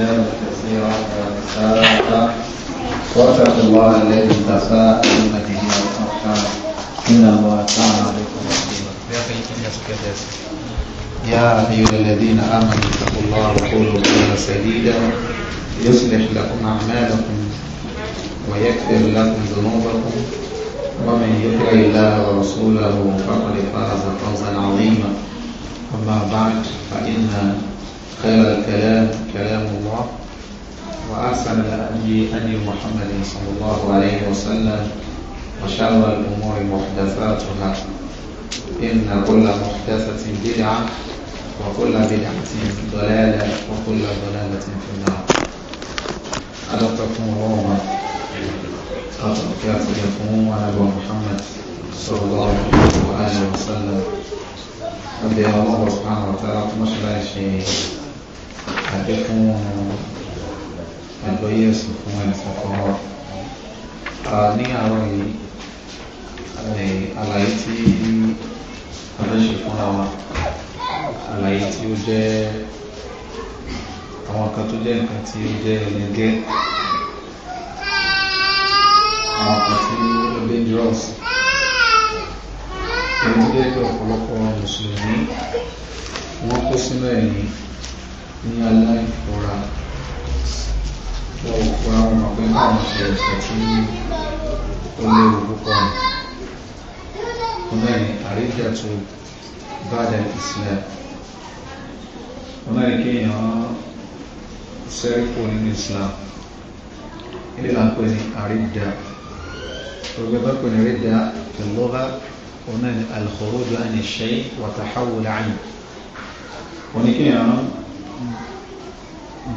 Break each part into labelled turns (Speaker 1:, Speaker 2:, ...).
Speaker 1: رجالا كثيرا ونساء واتقوا الله الذي تساءلون به والارحام ان الله كان عليكم يا ايها الذين امنوا اتقوا الله وقولوا قولا سديدا يصلح لكم اعمالكم ويكفر لكم ذنوبكم ومن يطع الله ورسوله فقد فاز فوزا عظيما اما بعد فان خير الكلام كلام الله وأحسن الهدي هدي محمد صلى الله عليه وسلم وشر الأمور محدثاتها إن كل محدثة بدعة وكل بدعة ضلالة وكل ضلالة في النار أدقكم روما أتركات لكم ونبو محمد صلى الله عليه وآله وسلم أبي الله سبحانه وتعالى مش لا شيء àdékún àgbọ́yé ẹ̀sùn fún ẹ̀sùn fún ọ ní àárọ̀ yìí àlàyé a fẹ́ ṣe fúnra wa àlàyé tí ó jẹ́ àwọn kan tó jẹ́ nǹkan tí ó jẹ́ ẹnẹgẹ́ àwọn kan tí ó dangerous èyí tó jẹ́ pé ọ̀pọ̀lọpọ̀ mùsùlùmí wọ́n kó sínú ní aláìfọ́ra wọ́n fọ́ra wọn pé káwọn ṣe ẹ̀sẹ̀ tí ó léwu púpọ̀ ọmọ ẹ̀yìn àríjà tó bàdẹ̀ ìsìlẹ̀ ọmọ ẹ̀yìn kéèyàn sẹ́ríkò nínú Islam ilé là ń pè
Speaker 2: ní àríjà ọgbẹ́ bá pè ní àríjà tìlọ́gà ọmọ ẹ̀yìn al-khuruj an ash-shay'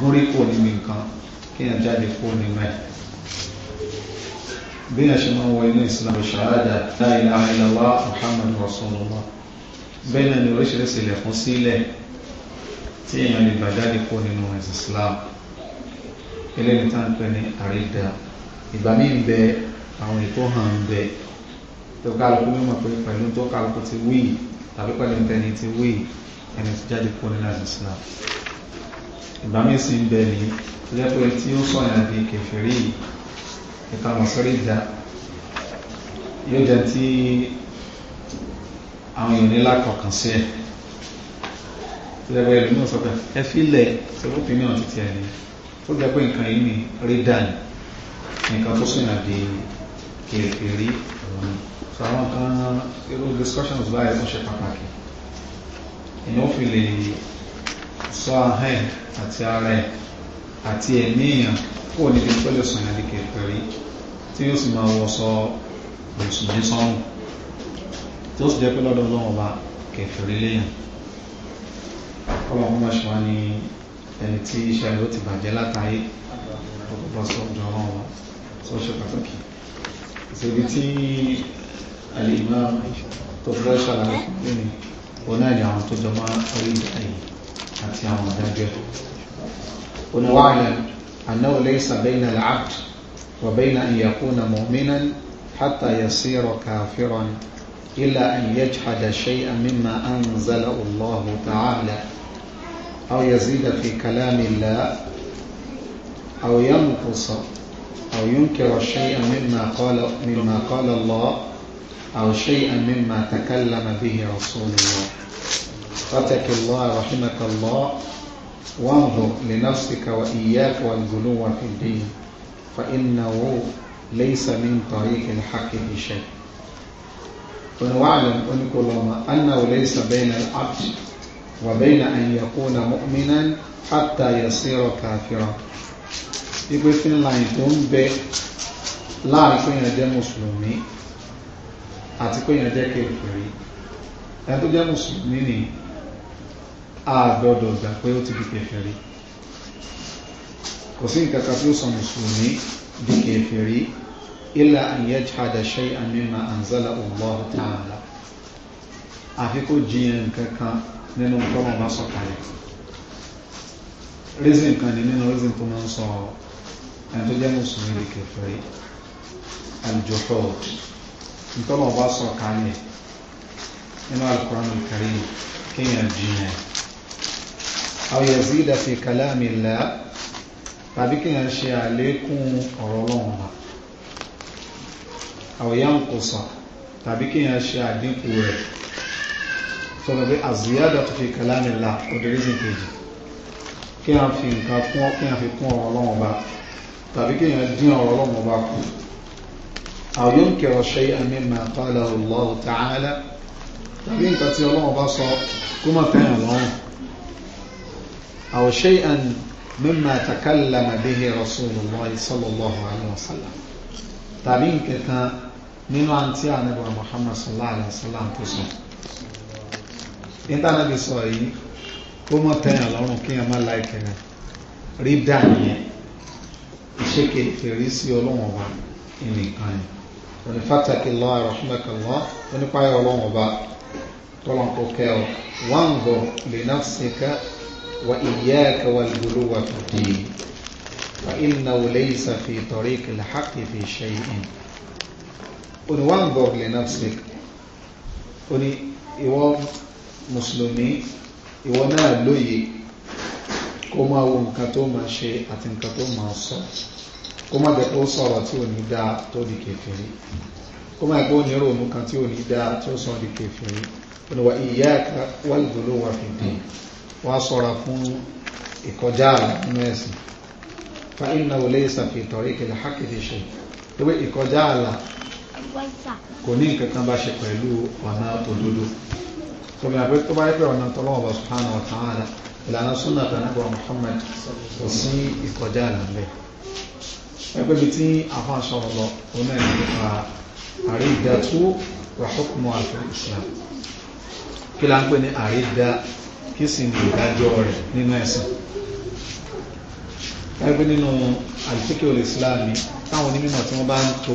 Speaker 2: gúrí kò níbi nǹkan kí èèyàn jáde kó nínú ẹ̀ bí èèyàn ṣe máa wọ inú ìsìlámù ṣàhádà la ilaha illallah muhammadu rasulullah bẹ́ẹ̀ náà ni oríṣiríṣi ilẹ̀kùn sílẹ̀ tí èèyàn lè gbà jáde kó nínú ẹ̀sìn islam eléyìí tá à ń pè ní àrídà
Speaker 1: ìgbà míì bẹ àwọn ètò hàn ń bẹ tó kálukú mímọ̀ pé pẹ̀lú tó
Speaker 2: kálukú ti wí tàbí pẹ̀lú tẹni ti wí ẹni tó jáde kó nínú ẹ̀sìn islam ìgbàmí sí ń bẹ ní lẹ́pẹ́ tí ó sọ̀yà di kèfèrí ìta mọ̀sọ́rí ìjà yóò jẹ́ tí àwọn èèyàn nílá kọ̀ọ̀kan sí ẹ̀ lẹ́pẹ́ ìlú náà sọ́pẹ́ ẹ fílẹ̀ sọ́pẹ́ ní ọ̀tí ti ẹ̀ ní tó jẹ́ pé nǹkan yìí ni rídà ní nǹkan tó sọ̀yà di kèfèrí so àwọn kan irú discussions báyìí tó ṣe pàtàkì èèyàn fi lè sọ ahọ́n ẹ̀ àti ara ẹ̀ àti ẹ̀mí èèyàn kó níbi tó lè sọ ìyàn dìkẹ̀ pẹ̀rí tí yóò sì máa wọ sọ mùsùlùmí sọ́run tó sì jẹ́ pé lọ́dọ̀ ọlọ́run ọba kẹfìrí léèyàn ọlọ́run máa ṣe wá ní
Speaker 1: ẹni tí iṣẹ́ rẹ̀ ó ti bàjẹ́ látàáyé ọgbọ́gbọ́ sọ́jọ́ ọlọ́run ọba
Speaker 2: tó ṣe pàtàkì ìṣèlú tí àlè tó fẹ́ ṣàlàyé òun náà àwọn tó jọ máa orí حتيها ومنهجه ونعلم أنه ليس بين العبد وبين أن يكون مؤمنا حتى يصير كافرا إلا
Speaker 1: أن يجحد شيئا مما أنزل الله تعالى أو يزيد في كلام الله أو ينقص أو ينكر شيئا مما قال مما قال الله أو شيئا مما تكلم به رسول الله فاتق الله رحمك الله
Speaker 2: وانظر لنفسك وإياك والغلو في الدين فإنه ليس من طريق الحق بشيء ونعلم أن كل أنه ليس بين العبد وبين أن يكون مؤمنا حتى يصير كافرا ipe thin line tó ń bẹ láàrin pé èèyàn jẹ́ mùsùlùmí àti pé èèyàn a gbọ́dọ̀ gbà pé ó ti di kèfèrí kò sí nǹkan kan tí ó sọ mùsùlùmí di kèfèrí illa an yajhada shay'an mimma anzala Allah àfi kó jiyàn nǹkan kan nínú nǹkan bá sọ kalẹ̀ reason kan ni nínú reason tó máa ń sọ ẹni tó jẹ́ mùsùlùmí di kèfèrí al-juhud bá sọ kalẹ̀ nínú al-Qur'an kéèyàn jiyàn àwọn yẹ̀sí ìdàfí kàláàmì ńlá tàbí kí yẹn ṣe àlékún ọ̀rọ̀ ọlọ́run wa àwọn yẹn kò sọ tàbí kí yẹn ṣe àdínkù rẹ̀ sọ̀rọ̀ pé àzíyádà tó fi kàláàmì ńlá ọdẹ́rẹ́sìn kejì kí yẹn fi nǹkan kún kí yẹn fi kún ọ̀rọ̀ ọlọ́run wa tàbí kí yẹn dín ọ̀rọ̀ ọlọ́run wa kù àwọn yẹn kẹrọ ṣe àmì máa qala Allahu tàbí nǹkan tí ọlọ́run bá sọ kó má lọ́rùn أو شيئا مما تكلم به رسول الله صلى الله عليه وسلم تابين كتا نينو أنتي عن أبو محمد صلى الله عليه وسلم تسمع إنت أنا بسوي كما تنا لون كي أما لايكنا ريدا نيه إشكي كريسي ولون وبا إني كان ونفتك الله رحمك الله ونقايا ولون وبا طلعوا كيو وانظر لنفسك وإياك والغلو في الدين فإنه ليس في طريق الحق في شيء وانظر لنفسك قل إيوا مسلمي إيوا نالوي كما هو مكتوما شيء أتنكتوما الصوت كما بقوا صوتي ونداء تودي كفري كما يقول نيرو مكتوما نداء توصل كفري ونوإياك والغلو في الدين wá sọ́ra fún ìkọjá nínú ẹ̀sìn fa inna laysa fi tariqil haqqi shay pé ìkọjá àlà kò ní nǹkan kan bá ṣe pẹ̀lú ọ̀nà òdodo tó bí àpé tó bá yẹ pé ọ̀nà tọ́lọ́wọ́ bá subhanahu wa ta'ala ìlànà súnà tànàbọ̀ Muhammad kí sì ní ìdájọ́ rẹ̀ nínú ẹ̀sìn ẹgbẹ́ nínú àlùfíkẹ́ olè síláàmì táwọn onímọ̀ tí wọ́n bá ń to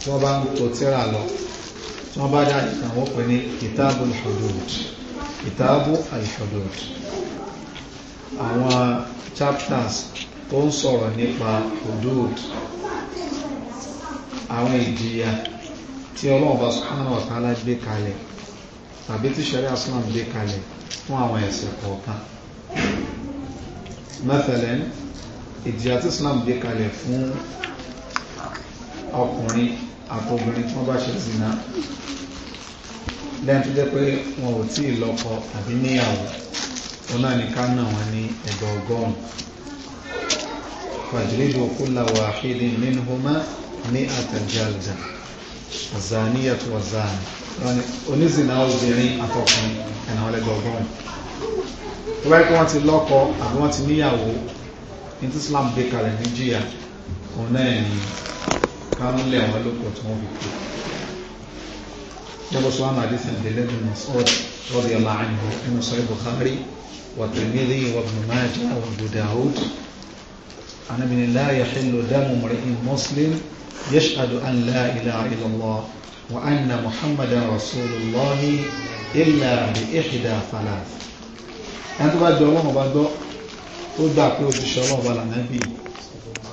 Speaker 2: tí wọ́n bá ń to tíra lọ tí wọ́n bá dáadé àwọn pè ní kìtàbù al-hudud kìtàbù al-hudud àwọn chapters tó ń sọ̀rọ̀ nípa hudud àwọn ìjìyà tí Ọlọ́run bá subhanahu wa ta'ala gbé kalẹ̀ tàbí tí sharia islam gbé kalẹ̀ fún àwọn ẹ̀ṣẹ̀ kọ̀ọ̀kan mẹ́fẹ̀lẹ́ ìjìyà tí islam gbé kalẹ̀ fún ọkùnrin àtobìnrin tí wọ́n bá ṣe zina lẹ́yìn tó jẹ́ pé wọn ò tí ì lọ́kọ tàbí níyàwó òun náà ní ká nà wọ́n ní ẹ̀dọ̀ ọgọ́rùn-ún fàjìlídò kulla wahidin minhuma ní àtàjáljà àzáníyàtọ̀ àzáníyàtọ̀ oníṣìnà obìnrin àtọkùnrin ẹ̀nà ọlẹ́gbọ̀gbọ̀n tó bá kí wọ́n ti lọ́kọ àbí wọ́n ti níyàwó ní tí Islam gbé kalẹ̀ ní jíyà òun náà ni kánúlẹ̀ wọn lóko tí wọ́n fi kú jẹ́bọ̀ sọ́wọ́n àdé sẹ́ndẹ̀lẹ́ ní Mas'ud radiyallahu anhu nínú sọ́yìn Bukhari wa Tirmidhi wa Ibn Majah wa Abu Dawud anabinilá yahillu damu mri'in muslim yashhadu an la ilaha illallah وأن محمدا رسول الله إلا بإحدى ثلاث ẹni tó bá jọ ọlọ́run bá gbọ́ ó gbà pé ó ti ṣe ọlọ́run bá lànàbí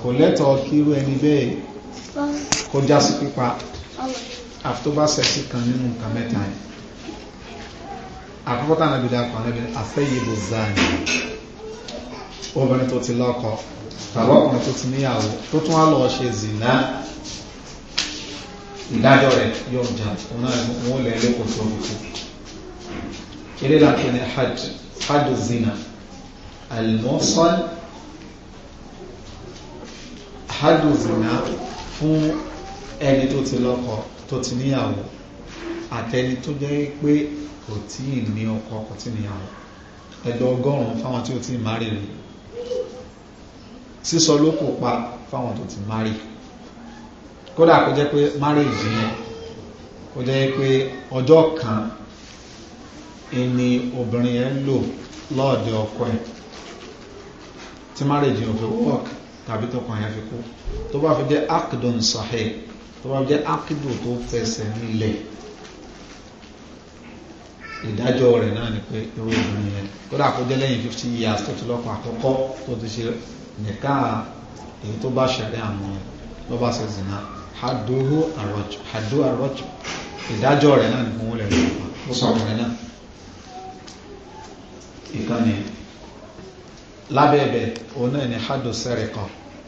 Speaker 2: kò lẹ́tọ̀ọ́ kí irú ẹni bẹ́ẹ̀ kó já sí pípa àfi tó bá ṣẹ̀sí kan nínú nǹkan mẹ́ta yìí àkọ́kọ́ tàn nàbìdá kan lẹ́bi àfẹ́yìnbó zani obìnrin tó ti lọ́kọ tàbí ọkùnrin tó ti níyàwó tó tún wá lọ́ọ́ ṣe zina ìdájọ́ rẹ̀ yọ jà òun náà wọ́n lẹ̀ lóko tó ń kú eré láti ní hajj zina almosal hajj zina fún ẹni tó ti lọ́kọ tó ti níyàwó àtẹni tó jẹ́ pé kò tí ì ní ọkọ kò tí níyàwó ẹ̀dọ̀ ọgọ́rùn-ún fáwọn tí ó ti máa rí rí sísọ ló pa fáwọn tó ti máa rí rí kódà kó jẹ́ pé marriage yẹn kó jẹ́ pé ọjọ́ kan ni obìnrin yẹn lò lọ́ọ̀dẹ ọkọ ẹ̀ tí marriage yẹn fi work tàbí tọkọ yẹn fi kú tó bá fi jẹ́ akdun sahih tó bá fi jẹ́ akdun tó fẹsẹ̀ nílẹ̀ ìdájọ́ rẹ̀ náà ni pé irú obìnrin yẹn kódà kó jẹ́ lẹ́yìn fifty years tó ti lọ́kọ àkọ́kọ́ tó ti ṣe nìkan èyí tó bá ṣẹ̀rẹ̀ àwọn lọ́ba ṣe zina haduhu arọ́jù haduhu arọ́jù ìdájọ́ rẹ̀ náà nìkan wọ́n lè lọ́pàá sọ̀rọ̀ rẹ̀ náà ìkànnì lábẹ́ẹ̀bẹ̀ òun náà ni hadu sẹ́rẹ̀kọ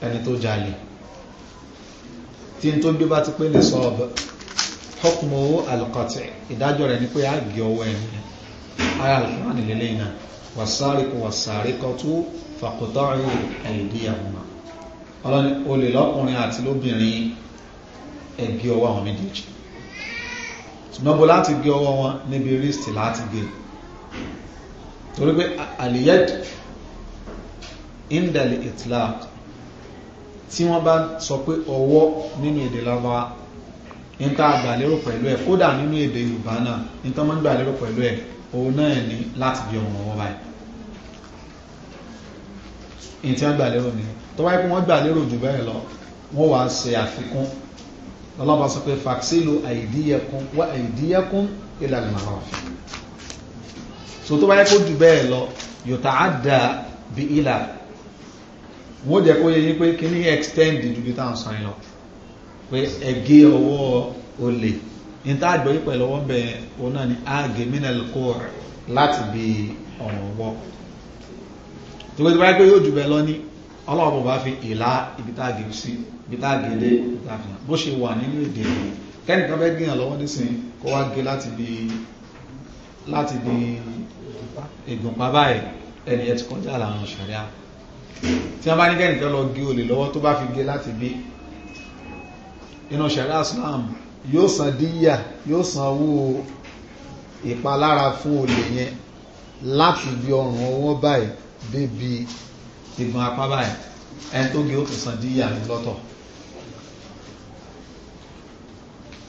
Speaker 2: ẹni tó jalè tí n tó gbé bá ti pé ní sọ́ọ̀bù hukmu alqati ìdájọ́ rẹ̀ ni pé a gé ọwọ́ ẹni ara alquran lélẹ́yìn náà wasariqu wasariqatu faqta'u aydiyahuma ọlọ́ni olè lọ́kùnrin àti lóbìnrin ẹ gé ọwọ́ àwọn méjèèjì ṣùgbọ́n bó láti gé ọwọ́ wọn níbi wrist láti gé torí pé àlìyẹ́d indal itlaq tí wọ́n bá sọ pé ọwọ́ nínú èdè lọ́wọ́ níta àgbàlérò pẹ̀lú ẹ̀ kódà nínú èdè yorùbá náà níta máa ń gbàlérò pẹ̀lú ẹ̀ òun náà ní láti bí ọmọ wọn báyìí ní tí gbàlérò ní tó báyìí pé gbàlérò jù bẹ́ẹ̀ lọ wọ́n wá ṣe àfikún lọ́lọ́ba sọ pé fàksílù àìdíyẹkún wá àìdíyẹkún ilal marafiq so tó bá yẹ kó jù bẹ́ẹ̀ lọ yòtà á dà bí ilà wọ́n jẹ́ kó yẹ yí pé kí ní extend ju bí táwọn sọ yẹn lọ pé ẹgé ọwọ́ olè ní tá àgbọ̀ yí pẹ̀lú ọwọ́ bẹ̀ òun náà ni ààgé mínẹ́lì kó láti bí ọ̀rọ̀ wọ́ tó bá kó yóò jù bẹ́ẹ̀ lọ ní ọlọ́ọ̀bọ̀ bá fi ìlà ibi tá àgé sí gbítà gèlè láfihàn bó ṣe wà nínú èdè kẹ́nìkan fẹ́ gbìyàn lọ́wọ́ nísìn kó wá gé láti bí láti bí ègùn bàbá ẹ̀ ẹni ẹ ti kọjá làwọn ṣàríà tí wọ́n bá ní kẹ́nìkan lọ gé olè lọ́wọ́ tó bá fi gé láti bí inú ṣàríà Islam yóò san díyà yóò san owó ìpalára fún olè yẹn láti bí ọrùn ọwọ́ báyìí débi ìgbọ̀n apá báyìí ẹni tó gé ó tún san díyà lọ́tọ̀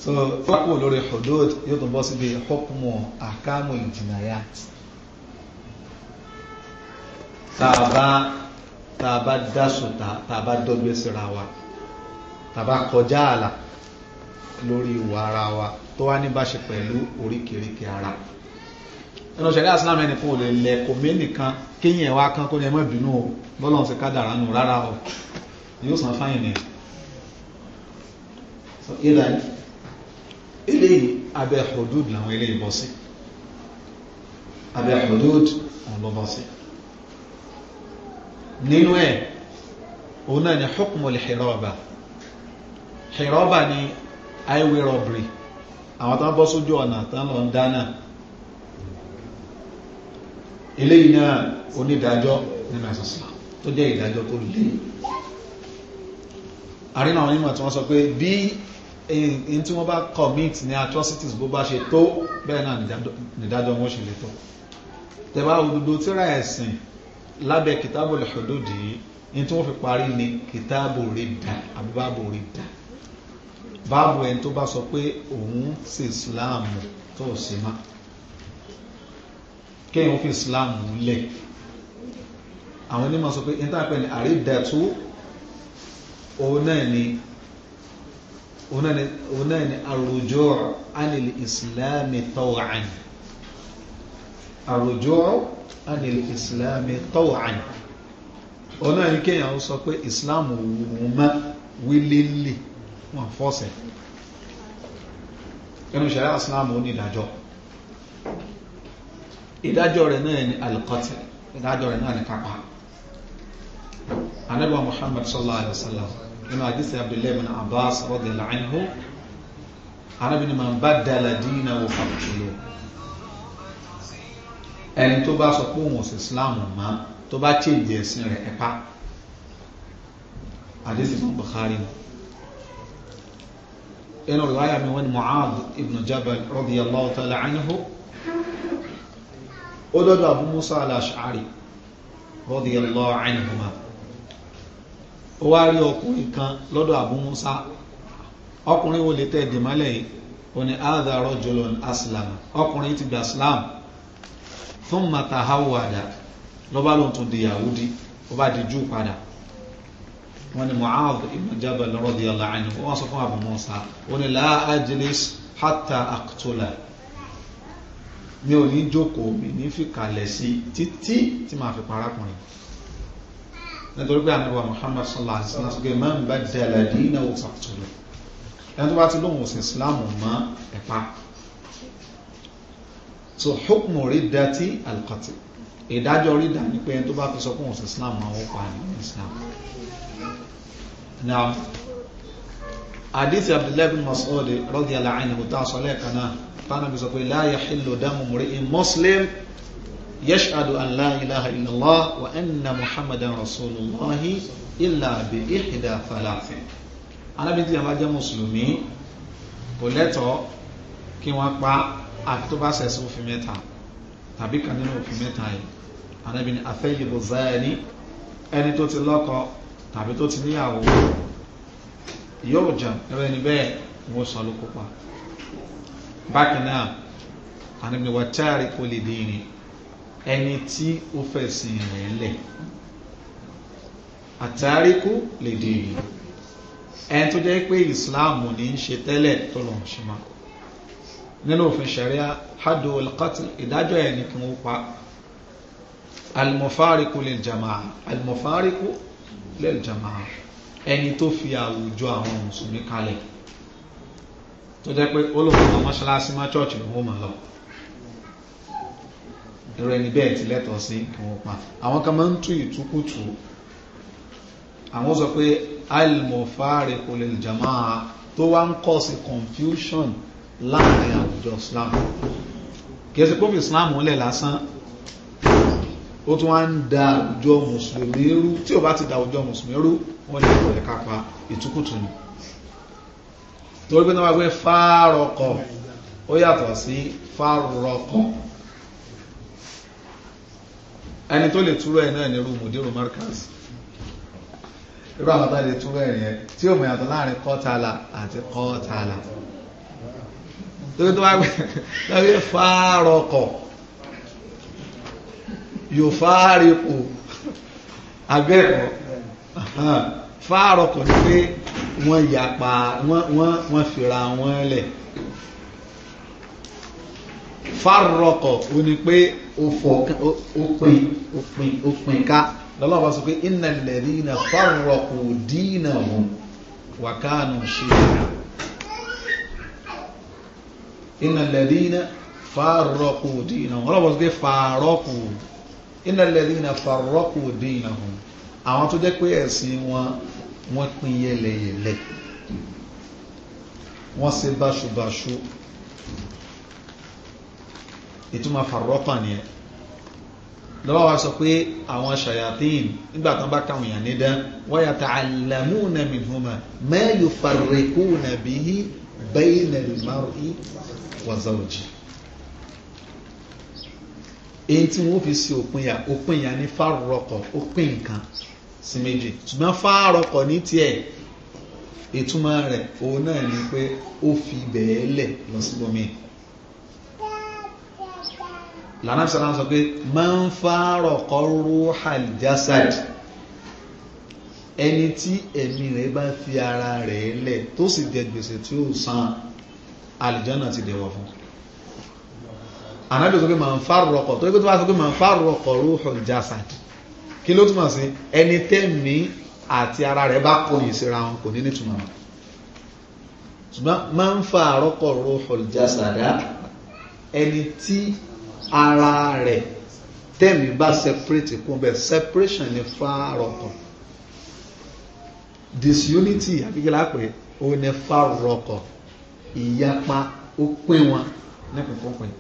Speaker 2: so fúlápò lórí hudud yóò tún bọ́ síbi hukmu ahkamu al-jinayat tàbá tàbá dásùtà tàbá dọ́gbé síra wa tàbá kọjá àlà lórí ìwà ara wa tó wá ní báṣe pẹ̀lú oríkèríkè ara ẹnu ṣẹlẹ̀ àsìlámù ẹni fún olè lẹ kò mé nìkan kéyìn ẹwà kan kó ní ẹmọ ìbínú o bọ́lọ̀ sí kádàrá nù rárá o yóò san fáyìn ni eléyìí abẹ́ hudud làwọn eléyìí bọ́ sí
Speaker 1: abẹ́ hudud
Speaker 2: wọn sí nínú ẹ̀ òun náà ni hukmul hiraba hiraba ni highway robbery àwọn ń bọ́ sójú ọ̀nà tán lọ ń dáná eléyìí náà onídàájọ́ nínú ẹ̀sọ̀sọ̀ tó jẹ́ ìdájọ́ tó lè èyí tí wọ́n bá commit ní atrocities bó bá ṣe tó bẹ́ẹ̀ náà nìdájọ́ wọn ṣe lè tó tẹ̀bá òdodo tíra ẹ̀sìn lábẹ́ kìtàbù lẹ́hùdòdì yìí ní tí wọ́n fi parí ni kìtàbù rí dà àbí báàbù rí dà báàbù ẹni tó bá sọ pé òun sí Islam tó sì má kéèyàn fi Islam lẹ̀ àwọn onímọ̀ sọ pé ní táàpẹ́ ni àrídẹ̀tú òun náà ni òun náà ni àròjọ́ anìlì ìsìláàmì tọ́wàn àròjọ́ anìlì ìsìláàmì tọ́wàn òun náà ni kéèyàn sọ pé ìsìláàmù òun mọ́ wílélè wọn fọ́sẹ̀ ẹnu ṣẹlẹ̀ ìsìláàmù ó ní ìdájọ́ ìdájọ́ rẹ̀ náà ni alìkọ́tì ìdájọ́ rẹ̀ náà ni kápá anábọ̀ Muhammad sallallahu alaihi wasallam nínú àdísì abdullahi bin abbas radiyallahu anhu arábìnrin man badala dinahu faqtuluhu ẹni tó bá sọ pé òun ò sí islam mọ́ tó bá chèjì ẹ̀sìn rẹ̀ ẹ̀pá àdísì fún bukhari inú riwaya mi wọ́n ni mu'adh ibn jabal radiyallahu ta'ala anhu ó dọ́dọ̀ abu musa al-ash'ari radiyallahu anhuma ó wá rí ọkùnrin kan lọ́dọ̀ Abu Musa ọkùnrin wo lè tẹ́ dìmọ́lẹ̀ yìí ó ní hadha rajulun aslama ọkùnrin ti gba islam thumma tahawwada lọ́ba ló ń tún di yahudi ó bá di júù padà wọ́n ní Mu'adh ibn Jabal radiyallahu anhu wọ́n sọ fún Abu ó ní la ajlis hatta aqtula mi ò jókòó mi ní fìkàlẹ̀ sí títí tí màá fi parákùnrin nítorí pé àníwà Muhammad sallallahu alaihi wasallam sọ́gbẹ́ máa ń bá dẹ̀lẹ̀ dínà ó fàtúrò ẹni tó bá ti lóhun òsìn islamu mọ́ ẹ̀pá so hukmu riddati alqati ìdájọ́ rídà ní pé ẹni tó bá fi sọ fún òsìn islamu àwọn pa ní islam now hadithi abdullahi bin Mas'ud radiyallahu anhu tá a sọ lẹ́ẹ̀kan náà tánàbí sọ pé la yahillu damu mri'in muslim يشهد أن لا إله إلا الله وأن محمدا رسول الله إلا بإحدى ثلاث أنا بنتي لما جاء مسلمي ولتو kí wọ́n pa àti tó bá sẹ̀sẹ̀ òfin mẹ́ta tàbí kan nínú òfin mẹ́ta yìí anábì ní afẹ́yìnbó záyẹni ẹni tó ti lọ́kọ tàbí tó ti níyàwó yóò jẹun ẹ̀rọ ẹni bẹ́ẹ̀ wọ́n sọ ló kópa bákan náà anábì ní wàtáàrí kò lè dín ní ẹni tí ó fẹ̀sìn rẹ̀ lẹ̀ àtàríkù lè dèrè ẹni tó jẹ́ pé ìsìláàmù ní í ṣe tẹ́lẹ̀ tó lọ ṣe máa nínú òfin ṣàríà hadu al-qatl ìdájọ́ ẹ̀ ní kí wọ́n pa al-mufariqu jama'a al-mufariqu jama'a ẹni tó fi àwùjọ àwọn mùsùlùmí kalẹ̀ tó jẹ́ pé ó lòun lọ mọ́ṣáláṣí má chọ́ọ̀chì lòun mọ̀ lọ irú ẹni bẹ́ẹ̀ ti lẹ́tọ̀ọ́ sí kí wọ́n pa àwọn kan máa ń tú ìtúkùtù àwọn sọ pé alimọ̀fáàrẹ̀ kò lè jàmá tó wá ń kọ́ sí confusion láàrin àwùjọ Islam kìí ṣe kófì Islam lẹ̀ lásán ó tún wá ń da àwùjọ mùsùlùmí rú tí ò bá ti da àwùjọ mùsùlùmí rú wọ́n lè kọ̀ọ̀lẹ̀ kápá ìtúkùtù ni torí pé náà wá gbé fárọkọ̀ ó yàtọ̀ sí fárọkọ̀ ẹni tó lè túrọ̀ ẹ̀ náà ní irú mùdírù markaz irú àwọn tó lè túrọ̀ ẹ̀ yẹn tí ò mọ̀ yàtọ̀ láàrin kọ́tàlà àti kọ́tàlà tóbi tó wá gbé lọ́wọ́ yóò fárikù abẹ́ẹ̀kọ́ fárọkọ̀ ni pé wọ́n yapa wọ́n fìra wọn lẹ̀ fárọkọ̀ ó ní pé ó fọ ó pin ó pin ó pin ká lọ́lọ́wọ́ bá sọ pé innal ladhina fárọkù dinahum wa kanu shi'a innal ladhina fárọkù dinahum lọ́lọ́wọ́ bá sọ pé fárọkù innal ladhina fárọkù dinahum àwọn tó jẹ́ pé ẹ̀sìn wọn wọ́n pin yẹlẹyẹlẹ wọ́n ṣe báṣubàṣu ìtumọ̀ farọ́tàn ni ẹ lọ́wọ́ wa sọ pé àwọn ṣayatín nígbà tán bá káwọn èèyàn ní dán wọ́n yàtọ̀ àlàmúnà mìhùnmá mẹ́yù fàrẹ̀kúnà bí i bẹ́yìnà lùmárùí wàzáwòjì èyí tí wọ́n fi sí òpinya òpinya ní fárọkọ̀ òpin nǹkan sí méjì ṣùgbọ́n fárọkọ̀ ní tiẹ̀ ìtumọ̀ rẹ̀ òun náà ni pé ó fi bẹ̀ẹ́ lẹ̀ lọ síbòmíì lànà fi sọ́nà sọ pé máa ń fárọ̀ kọ́ rúhàl jásàd ẹni tí ẹ̀mí rẹ̀ bá fi ara rẹ̀ lẹ̀ tó sì jẹ gbèsè tí ó san àlìjánà ti dẹ̀wọ̀ fún ànábì sọ pé máa ń fárọ̀ kọ́ torí pé tó bá sọ pé máa ń fárọ̀ kọ́ rúhàl jásàd kí ló túmọ̀ sí ẹni tẹ́mí àti ara rẹ̀ bá kọyìn síra wọn kò ní nítumọ̀ ṣùgbọ́n máa ń fa àrọ́kọ̀ rúhàl jásàdá ẹni tí ara rẹ̀ tẹ́mi bá separate kún bẹ́ẹ̀ separation ni fárọkàn disunity àbíkí lápẹ́ ó ní fárọkàn ìyapa ó pín wọn lẹ́kùnkúnpín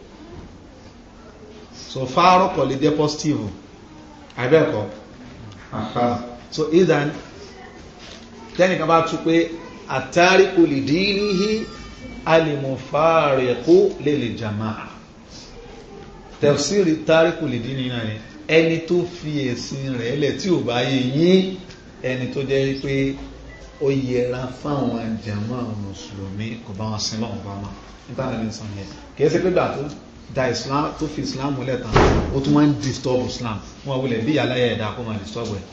Speaker 2: so fárọkàn lè jẹ́ positive àbẹ́ẹ̀kọ́ so either tẹ́nìkan bá tún pé àtàrí olùdíníhì alìmọ̀fàárẹ̀kú lè lè jàmáà tẹ̀síìrì tárìkù lè dín nínú ẹ̀ ẹni tó fi ẹ̀sìn rẹ̀ lẹ̀ tí ò bá yé yín ẹni tó jẹ́ pé ó yẹra fáwọn jàmáà mùsùlùmí kò bá wọn sin lọ́wọ́ bá wọn nígbà tó ń sọ yẹn kì í ṣe pé gbà tó da islam tó fi islam múlẹ̀ tán ó tún wá ń disturb islam wọn wulẹ̀ bí ìyàlá yẹ̀ ẹ̀dá kó máa disturb ẹ̀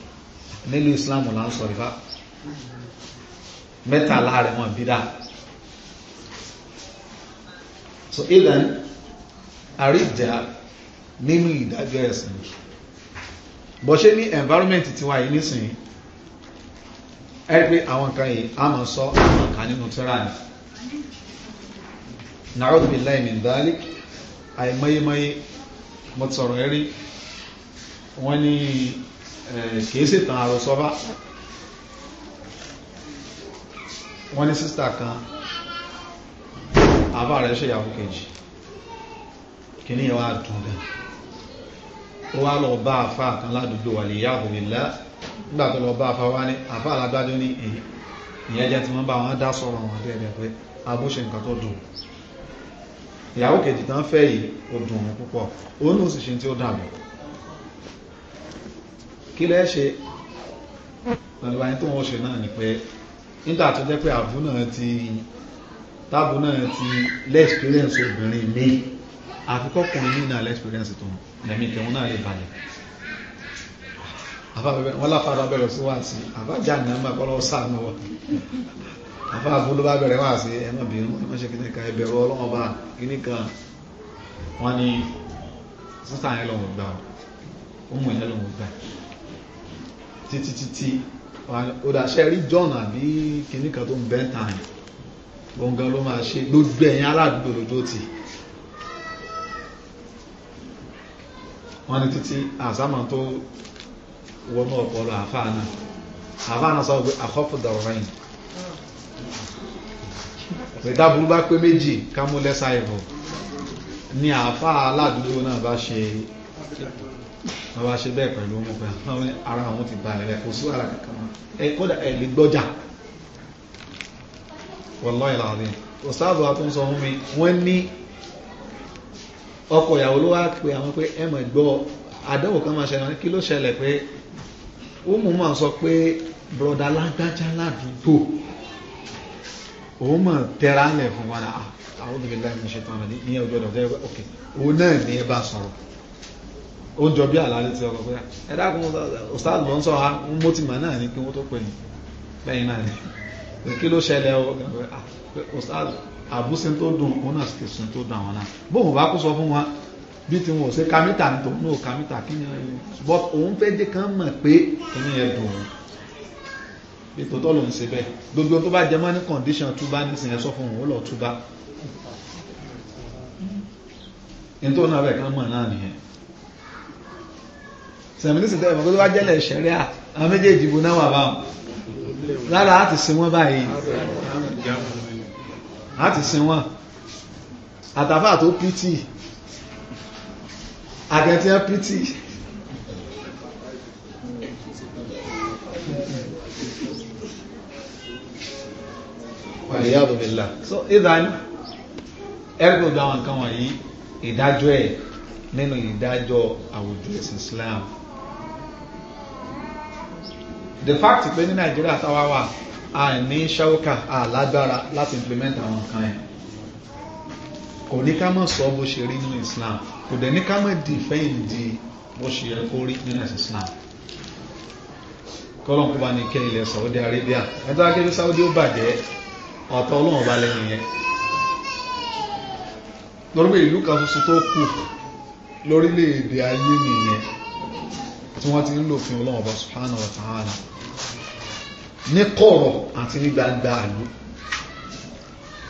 Speaker 2: nílùú islam là ń sọ ìfá mẹ́tàlá rẹ̀ wọn bí dáa so even àríjà nínú ìdájọ́ ẹ̀sìn bó ṣe ní environment tiwa yìí nísìnyí ẹ pé àwọn kan yìí a máa sọ àwọn kan nínú tírà ni na'udhu billahi min dhalik àìmọyémọyé mo ti sọ̀rọ̀ ẹ rí wọ́n ní kìí ṣètàn àròsọ bá wọ́n ní sísítà kan àbá rẹ̀ ṣe ìyàwó kejì kìíní yẹn wá dùn gan ó wá lọ bá àfa kan ládùúgbò wà lè yáàbò ìlà nígbà tó lọ bá àfa wá ní àfa alágbádó ní èyí ìyẹn jẹ́ tí wọ́n bá wọn dá sọ̀rọ̀ wọn dẹ́ẹ̀dẹ́ pé abúṣe nǹkan tó dùn ìyàwó kejì tán fẹ́ yìí ó dùn ún púpọ̀ òun ló sì ṣe tí ó dàbí kí lẹ́ ṣe pẹ̀lú àyín tó wọ́n ṣe náà ni pé nígbà tó jẹ́ pé àbú náà ti tábù náà ti lẹ́ẹ̀sìpírẹ́ǹsì obìnrin míì àfikọ́kùnrin ní náà lẹ́spẹ̀rẹ́nsì tó lẹ́mí ìtẹ̀wọ́n náà lè balẹ̀ wọ́n láfàdà bẹ̀rẹ̀ sí wà sí àbájá náà máa kọ́lọ́ sáànù wọ́n àbá àbúlú bá bẹ̀rẹ̀ wà sí ẹmọ bìnrin wọn ṣe kìíní kan ẹbẹ̀rọ ọlọ́wọ́n bá kìíní kan wọ́n ní sísà yẹn lọ́wọ́ gbà ó mú yẹn lọ́wọ́ gbà títí títí ó dàṣẹ́ rí John àbí kìíní kan tó ń bẹ́ntàn gbọ̀ngàn ló máa ṣe gbogbo ẹ̀yìn aládùúgbò lójó tì í wọ́n ní títí àsámà tó wọ́n mọ́ ọ̀pọ̀lọ àfáà náà àfáà náà sọ pé àkọ́pù dọ̀rọ̀rìn ìdáburú bá pé méjì kámú lẹ́sà ẹ̀bọ̀ ni àfáà aládùúgbò náà bá ṣe wọ́n bá ṣe bẹ́ẹ̀ pẹ̀lú ọmọ pẹ̀lú ara àwọn ti balẹ̀ rẹ̀ kò sí wàhálà kankan mọ́ ẹ kódà ẹ lè gbọ́jà wallahi alazim òsáàbù àtúnṣọ fún mi wọ́n ní ọkọ ìyàwó ló wá pe àwọn pé ẹ mọ̀ gbọ́ àdánwò kan máa ṣẹlẹ̀ kí ló ṣẹlẹ̀ pé ó mú máa sọ pé broda lágbájá ládùúgbò òun mọ̀ tẹ́ra ńlẹ̀ fún wa ah, náà àwọn obìnrin láì mọ̀ ṣe tán ní ìyẹn ojú ọ̀dọ̀ tẹ́lẹ̀ ok òun náà ní ẹ bá sọ̀rọ̀ ó jọ bí àlàyé ti ọkọ̀ pé ẹ dákun ọ̀sán ló ń sọ ha ah, mo ti mọ̀ náà ní kí wọ́n tó pè ní bẹ́ẹ̀ náà ní kí ló ṣẹlẹ̀ ọ̀sán àbúsí tó dùn òun náà sì sùn tó dùn àwọn náà bóun bá kó sọ fún wọn bí tí wọn ò ṣe kámítà ní tòun náà kámítà kí ni but òun fẹ́ jẹ́ kán mọ̀ pé kíní yẹn dùn òun ètò tó lòun ṣe bẹ́ẹ̀ gbogbo tó bá jẹ mọ́ ní condition túbá nísìnyí ẹ sọ fún òun ó lọ túbá ní tó náà bẹ̀ kán mọ̀ náà nìyẹn sẹ̀mínísì tẹ́lẹ̀ mọ̀ pé wá jẹ́lẹ̀ ṣẹ̀rẹ́ à àwọn méjèèjì bo náà wà báwọn lára láti sin báyìí àti sin wọn àtàfà tó pítì àtẹ̀tí ẹ pítì wàlíyàbò bèlà so ìdáni ẹgbẹ́ òdó àwọn nǹkan wọ̀nyí ìdájọ́ ẹ̀ nínú ìdájọ́ àwùjọ ẹ̀sìn Islam the fact pé ní Nàìjíríà táwa wà àìní ṣáwókà àlágbára láti implement àwọn nǹkan ẹ̀ kò ní ká mọ̀ sọ bó ṣe rí nínú Islam kò dẹ̀ ní ká mọ̀ dìfẹ́ǹdì bó ṣe yẹ kó rí nínú Islam kọ́lọ́n kó bá ní kẹ́ ilẹ̀ Saudi Arabia ẹjọ́ akẹ́kẹ́ Saudi ó bàjẹ́ ọ̀tọ̀ ọlọ́run bá lẹ́nu yẹn lórí pé ìlú kan tuntun tó kù lórílẹ̀-èdè ayé nìyẹn tí wọ́n ti ń lò ọlọ́run ọba subhanahu wa ta'ala ní kọ̀rọ̀ àti ní gbangba àlú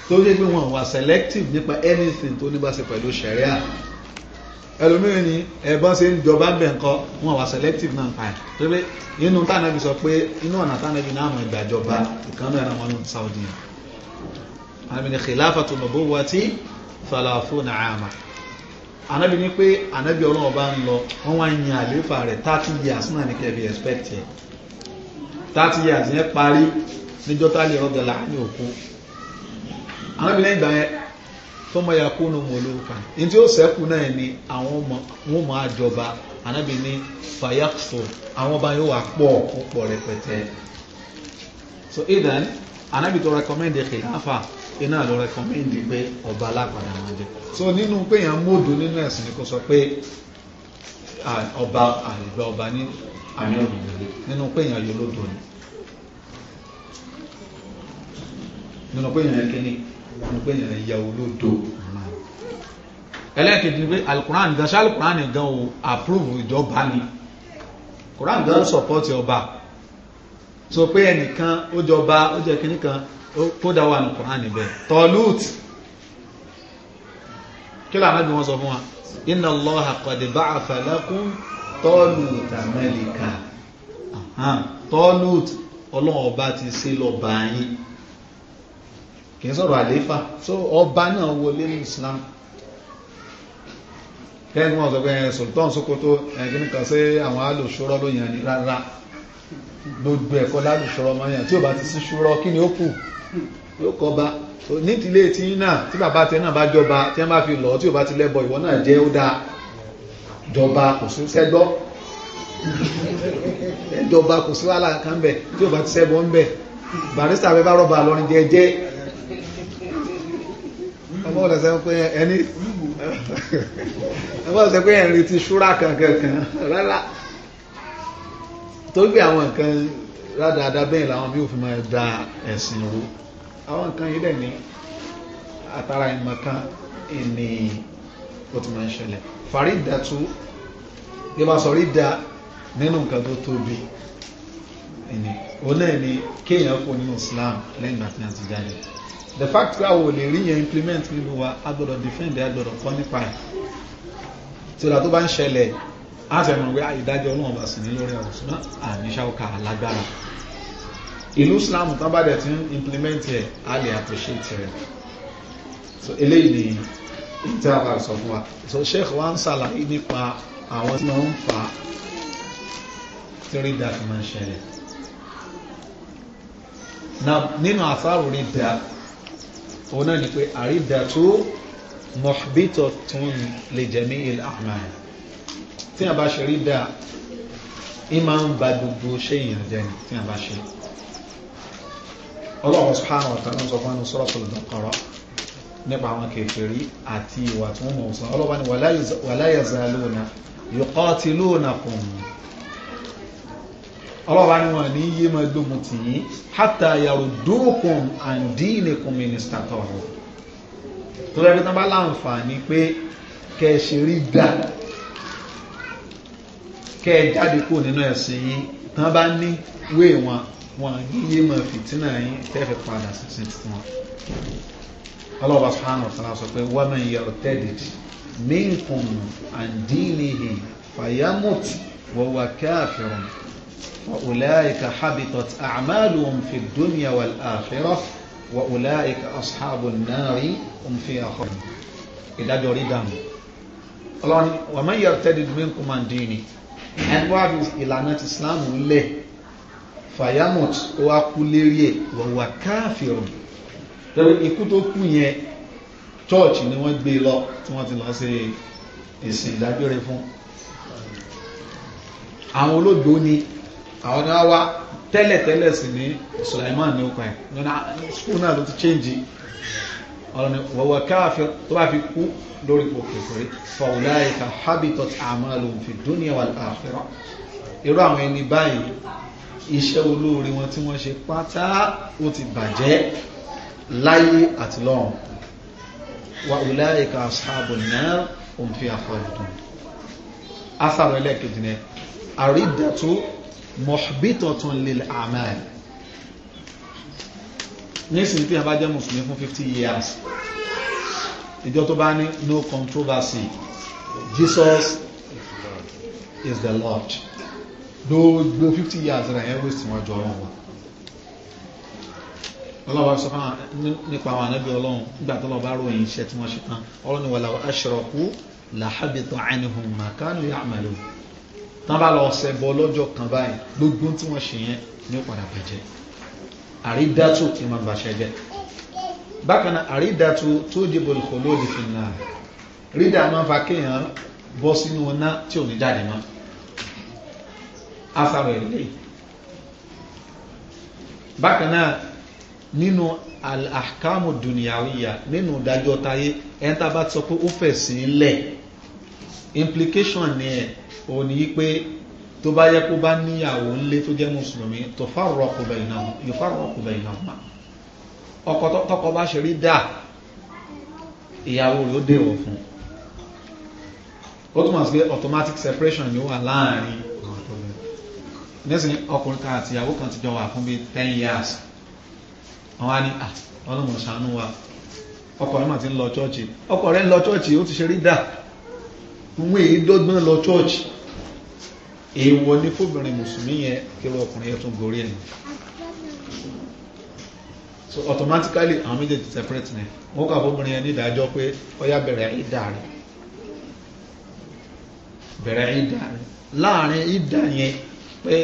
Speaker 2: tó yẹ pé wọn wà selective nípa anything tó ní bá ṣe pẹ̀lú ṣẹ̀ríà ẹlòmíràn ni ẹ̀bọ́n ṣe ń jọba bẹ̀ ńkọ́ wọn wà selective náà pa tó pé inú tànàbí sọ pé inú ọ̀nà tànàbí náà mọ̀ ìgbàjọba ìkan náà wọn ní Saudi àmì ní khilafatu nubuwati thalathuna ama ànábì ní pé ànábì ọlọ́wọ́ bá ń lọ wọ́n wá ń yan àlééfà rẹ̀ thirty years náà ní kẹ́ẹ̀bí expect yẹn thirty years yẹn parí níjọ́ tá a lè rọ́dọ̀ láàrin òkú àwọn ìbílẹ̀ ìgbà yẹn tó mọ ya kúnnù mọ̀lúkà ní tí ó sẹ́kù náà ni àwọn wọn máa jọba anábì ní fayakso àwọn ọba yóò wà pọ̀ púpọ̀ rẹpẹtẹ so idan anábì tó rẹkọmẹ́ndì kìláfà iná ló rẹkọmẹ́ndì pé ọba alápàdà máa jẹ so nínú pé yàn mọ́dù nínú ẹ̀sìn ni kò sọ pé ọba àìgbà ọba ní nínú pé èèyàn yóò lódò ni nínú pé èèyàn kíní nínú pé èèyàn yà olódò ẹlẹ́kẹ̀ẹ́dì ni pé alukuran gan ṣe alukuran gan o approve ìjọba ni kuran gan support ọba so pé ẹnìkan ó jọba ó jẹ kíní kan kódà wà ní kuran níbẹ̀ tọ́lút kí lóò àmọ́ bí wọ́n sọ fún wa inna Allaha qad ba'atha lakum tọ́lùt àmẹ́lìkà tọ́lùt ọlọ́run ọba ti ṣe lọ́ba yín kì í sọ̀rọ̀ àléfà so ọba náà wọlé ní Islam kẹ́ni wọ́n sọ pé Sultan Sokoto ẹ̀gbìn kan sí àwọn alòṣòrọ́ ló yàn ní rárá gbogbo ẹ̀kọ́ lálùṣòrọ́ máa yàn tí ò bá ti sí ṣúrọ́ kí ni ó kù yóò kọ́ bá ní ìdílé tí náà tí bàbá tẹ náà bá jọba tí wọ́n bá fi lọ́ọ́ tí ò bá ti lẹ́bọ ìwọ náà jẹ́ ó dáa jọba kò sí sẹ́gbọ́ jọba kò sí wàhálà kan bẹ̀ tí ò bá ti sẹ́gbọ́ ń bẹ̀ barista bẹ́ bá rọ́bà lọ́rin jẹ́jẹ́ ọmọ ọ̀dọ̀ sẹ́wọ́n pé ẹni ọmọ ọ̀dọ̀ sẹ́wọ́n pé ẹ̀rin ti ṣúra kankan rárá torí pé àwọn nǹkan rádáadáa bẹ́ẹ̀ làwọn bí òfin máa da ẹ̀sìn ru àwọn nǹkan yìí dẹ̀ ní àtàrà ìmọ̀ kan ènìyàn ó ti máa ń ṣẹlẹ̀ fàrídà tún ní bá sọ rídà nínú nǹkan tó tóbi ẹni ó náà ni kéèyàn kò nínú Islam lẹ́yìn àti àti jáde the fact pé àwọn ò lè rí yẹn implement nínú wa a gbọ́dọ̀ defend a gbọ́dọ̀ kọ́ nípa ẹ̀ tí ó dà tó bá ń ṣẹlẹ̀ á fẹ́ mọ̀ pé ah, ìdájọ́ ọlọ́run bá sì ní lórí àwọn ṣùgbọ́n àníṣà ó kà ìlú Islam tábàdẹ̀ ti ń implement ẹ̀ á lè appreciate rẹ̀ so eléyìí nìyí tí a bá sọ fún wa so sheikh wa ń ṣàlàyé nípa àwọn tí wọ́n ń fa torí dàtí máa ń ṣẹlẹ̀ nínú àfáàrò rí dà òun náà ni pé àrídà tó mọ̀bítọ̀ tún lè jẹ̀mí ilẹ̀ àmàlẹ̀ tí a bá ṣe rí dà máa ń ba gbogbo ṣe jẹ́ ni tí a bá ṣe Allah subhanahu wa ta'ala sọ fún ẹnu suratul Baqara nípa àwọn kèfèrí àti ìwà tí wọ́n mọ̀ sọ ọlọ́wà ni wala yazaluna yuqatilunakum ọlọ́wà ni wọ́n ní yé máa gbógun tì yín hatta yaruddukum an dinikum in istata'u tó lẹ́bí tán bá láǹfààní pé kẹ́ẹ̀ṣẹ̀rí dá kẹ́ẹ̀ jáde kúrò nínú ẹ̀sìn yín tán bá ní wé wọn wọn yíyé máa fìtínà yín tẹ́fẹ̀ padà sí sí wọn. Allah subhanahu wa ta'ala sọ pé wa man yartadid minkum an dinihi fayamut wa huwa kafirun wa ulaika habitat a'maluhum fid dunya wal akhirah wa ulaika ashabun nari hum fiha ìdájọ́ rí dànù ọlọ́ni wa man yartadid minkum an dinihi ẹni wá bí ìlànà ti Islam lẹ̀ fayamut ó wá kú lérí ẹ̀ wa torí ikú tó kú yẹn church ni wọ́n gbé lọ tí wọ́n ti lọ ṣe ìsìn ìdágbére fún àwọn olóògbé ó ní àwọn ni wọ́n wá tẹ́lẹ̀tẹ́lẹ̀ sí ní Sulaiman ah, ní okùn ẹ̀ lọ́nà school náà ló ti change ọ̀rọ̀ ni wọ̀wọ̀ káàfẹ́ tó bá fi kú lórí òkèkèrè fọ̀wùláìka habitat àmàlò fi dúnìyà wà láàfẹ́rọ̀ irú àwọn ẹni báyìí iṣẹ́ láyé àti lọ́run wa ulaika ashabun nar hum fiha khalidun asàrò ẹlẹ́kejì ni àrídẹ̀tú muhbitatun lil a'mal nísìnyí tí a bá jẹ́ mùsùlùmí fún 50 years ìjọ tó bá ní no controversy Jesus is the Lord gbogbo 50 years rẹ̀ ẹ̀ wíṣì wọn jọ ọ̀rọ̀ ọlọ́wà sọ fún nípa àwọn anábì ọlọ́run nígbà tó lọ́ọ́ bá ròyìn iṣẹ́ tí wọ́n ṣe tán ọlọ́run ni walaw ashraku làhábìtò ànihùn màkánù ya'malu tán bá lọ ọ̀sẹ̀ bọ lọ́jọ́ kan báyìí gbogbo tí wọ́n ṣe yẹn ní ó padà bàjẹ́ àrídàtú kí n máa bàṣẹ jẹ bákan náà àrídàtú tó dìbò ìkòló òdì fi nà rídà máa fa kéèyàn bọ́ sínú ọ̀nà tí ò ní jáde mọ́ afárò ìlé bákan náà nínú al-ahkamu dunyawiya nínú ìdájọ́ táyé ẹni a bá ti sọ pé ó fẹ̀sìn lẹ̀ implication ni ẹ̀ òun ni yí pé tó bá yẹ kó bá níyàwó ńlé tó jẹ́ mùsùlùmí tó fárọ̀ ọkùnbẹ̀ ìnáwó yóò fárọ̀ ọkùnbẹ̀ ìnáwó ma ọkọ tọkọ bá ṣe rí dà ìyàwó ló dèwọ̀ fún ó túmọ̀ sí pé automatic separation ni ó wà láàrin nísìnyí ọkùnrin kan àti ìyàwó kan ti jọ wà fún bíi ten years àwọn á ní à ah, ọlọ́mọ ṣàánú wa ọkọ rẹ̀ mà ti ń lọ chọ́ọ̀chì ọkọ rẹ̀ ń lọ chọ́ọ̀chì ó ti ṣe rí dà òun èyí dọ́gbọ́n lọ chọ́ọ̀chì èèwọ̀ ni fóbìnrin mùsùlùmí yẹn kí lọ ọkùnrin yẹn tún gorí ẹ̀ so automatically àwọn méjèèjì separate ni wọ́n kà fóbìnrin yẹn ní pé ọyá bẹ̀rẹ̀ ìdá rẹ̀ bẹ̀rẹ̀ ìdá rẹ̀ láàrin ìdá yẹn pé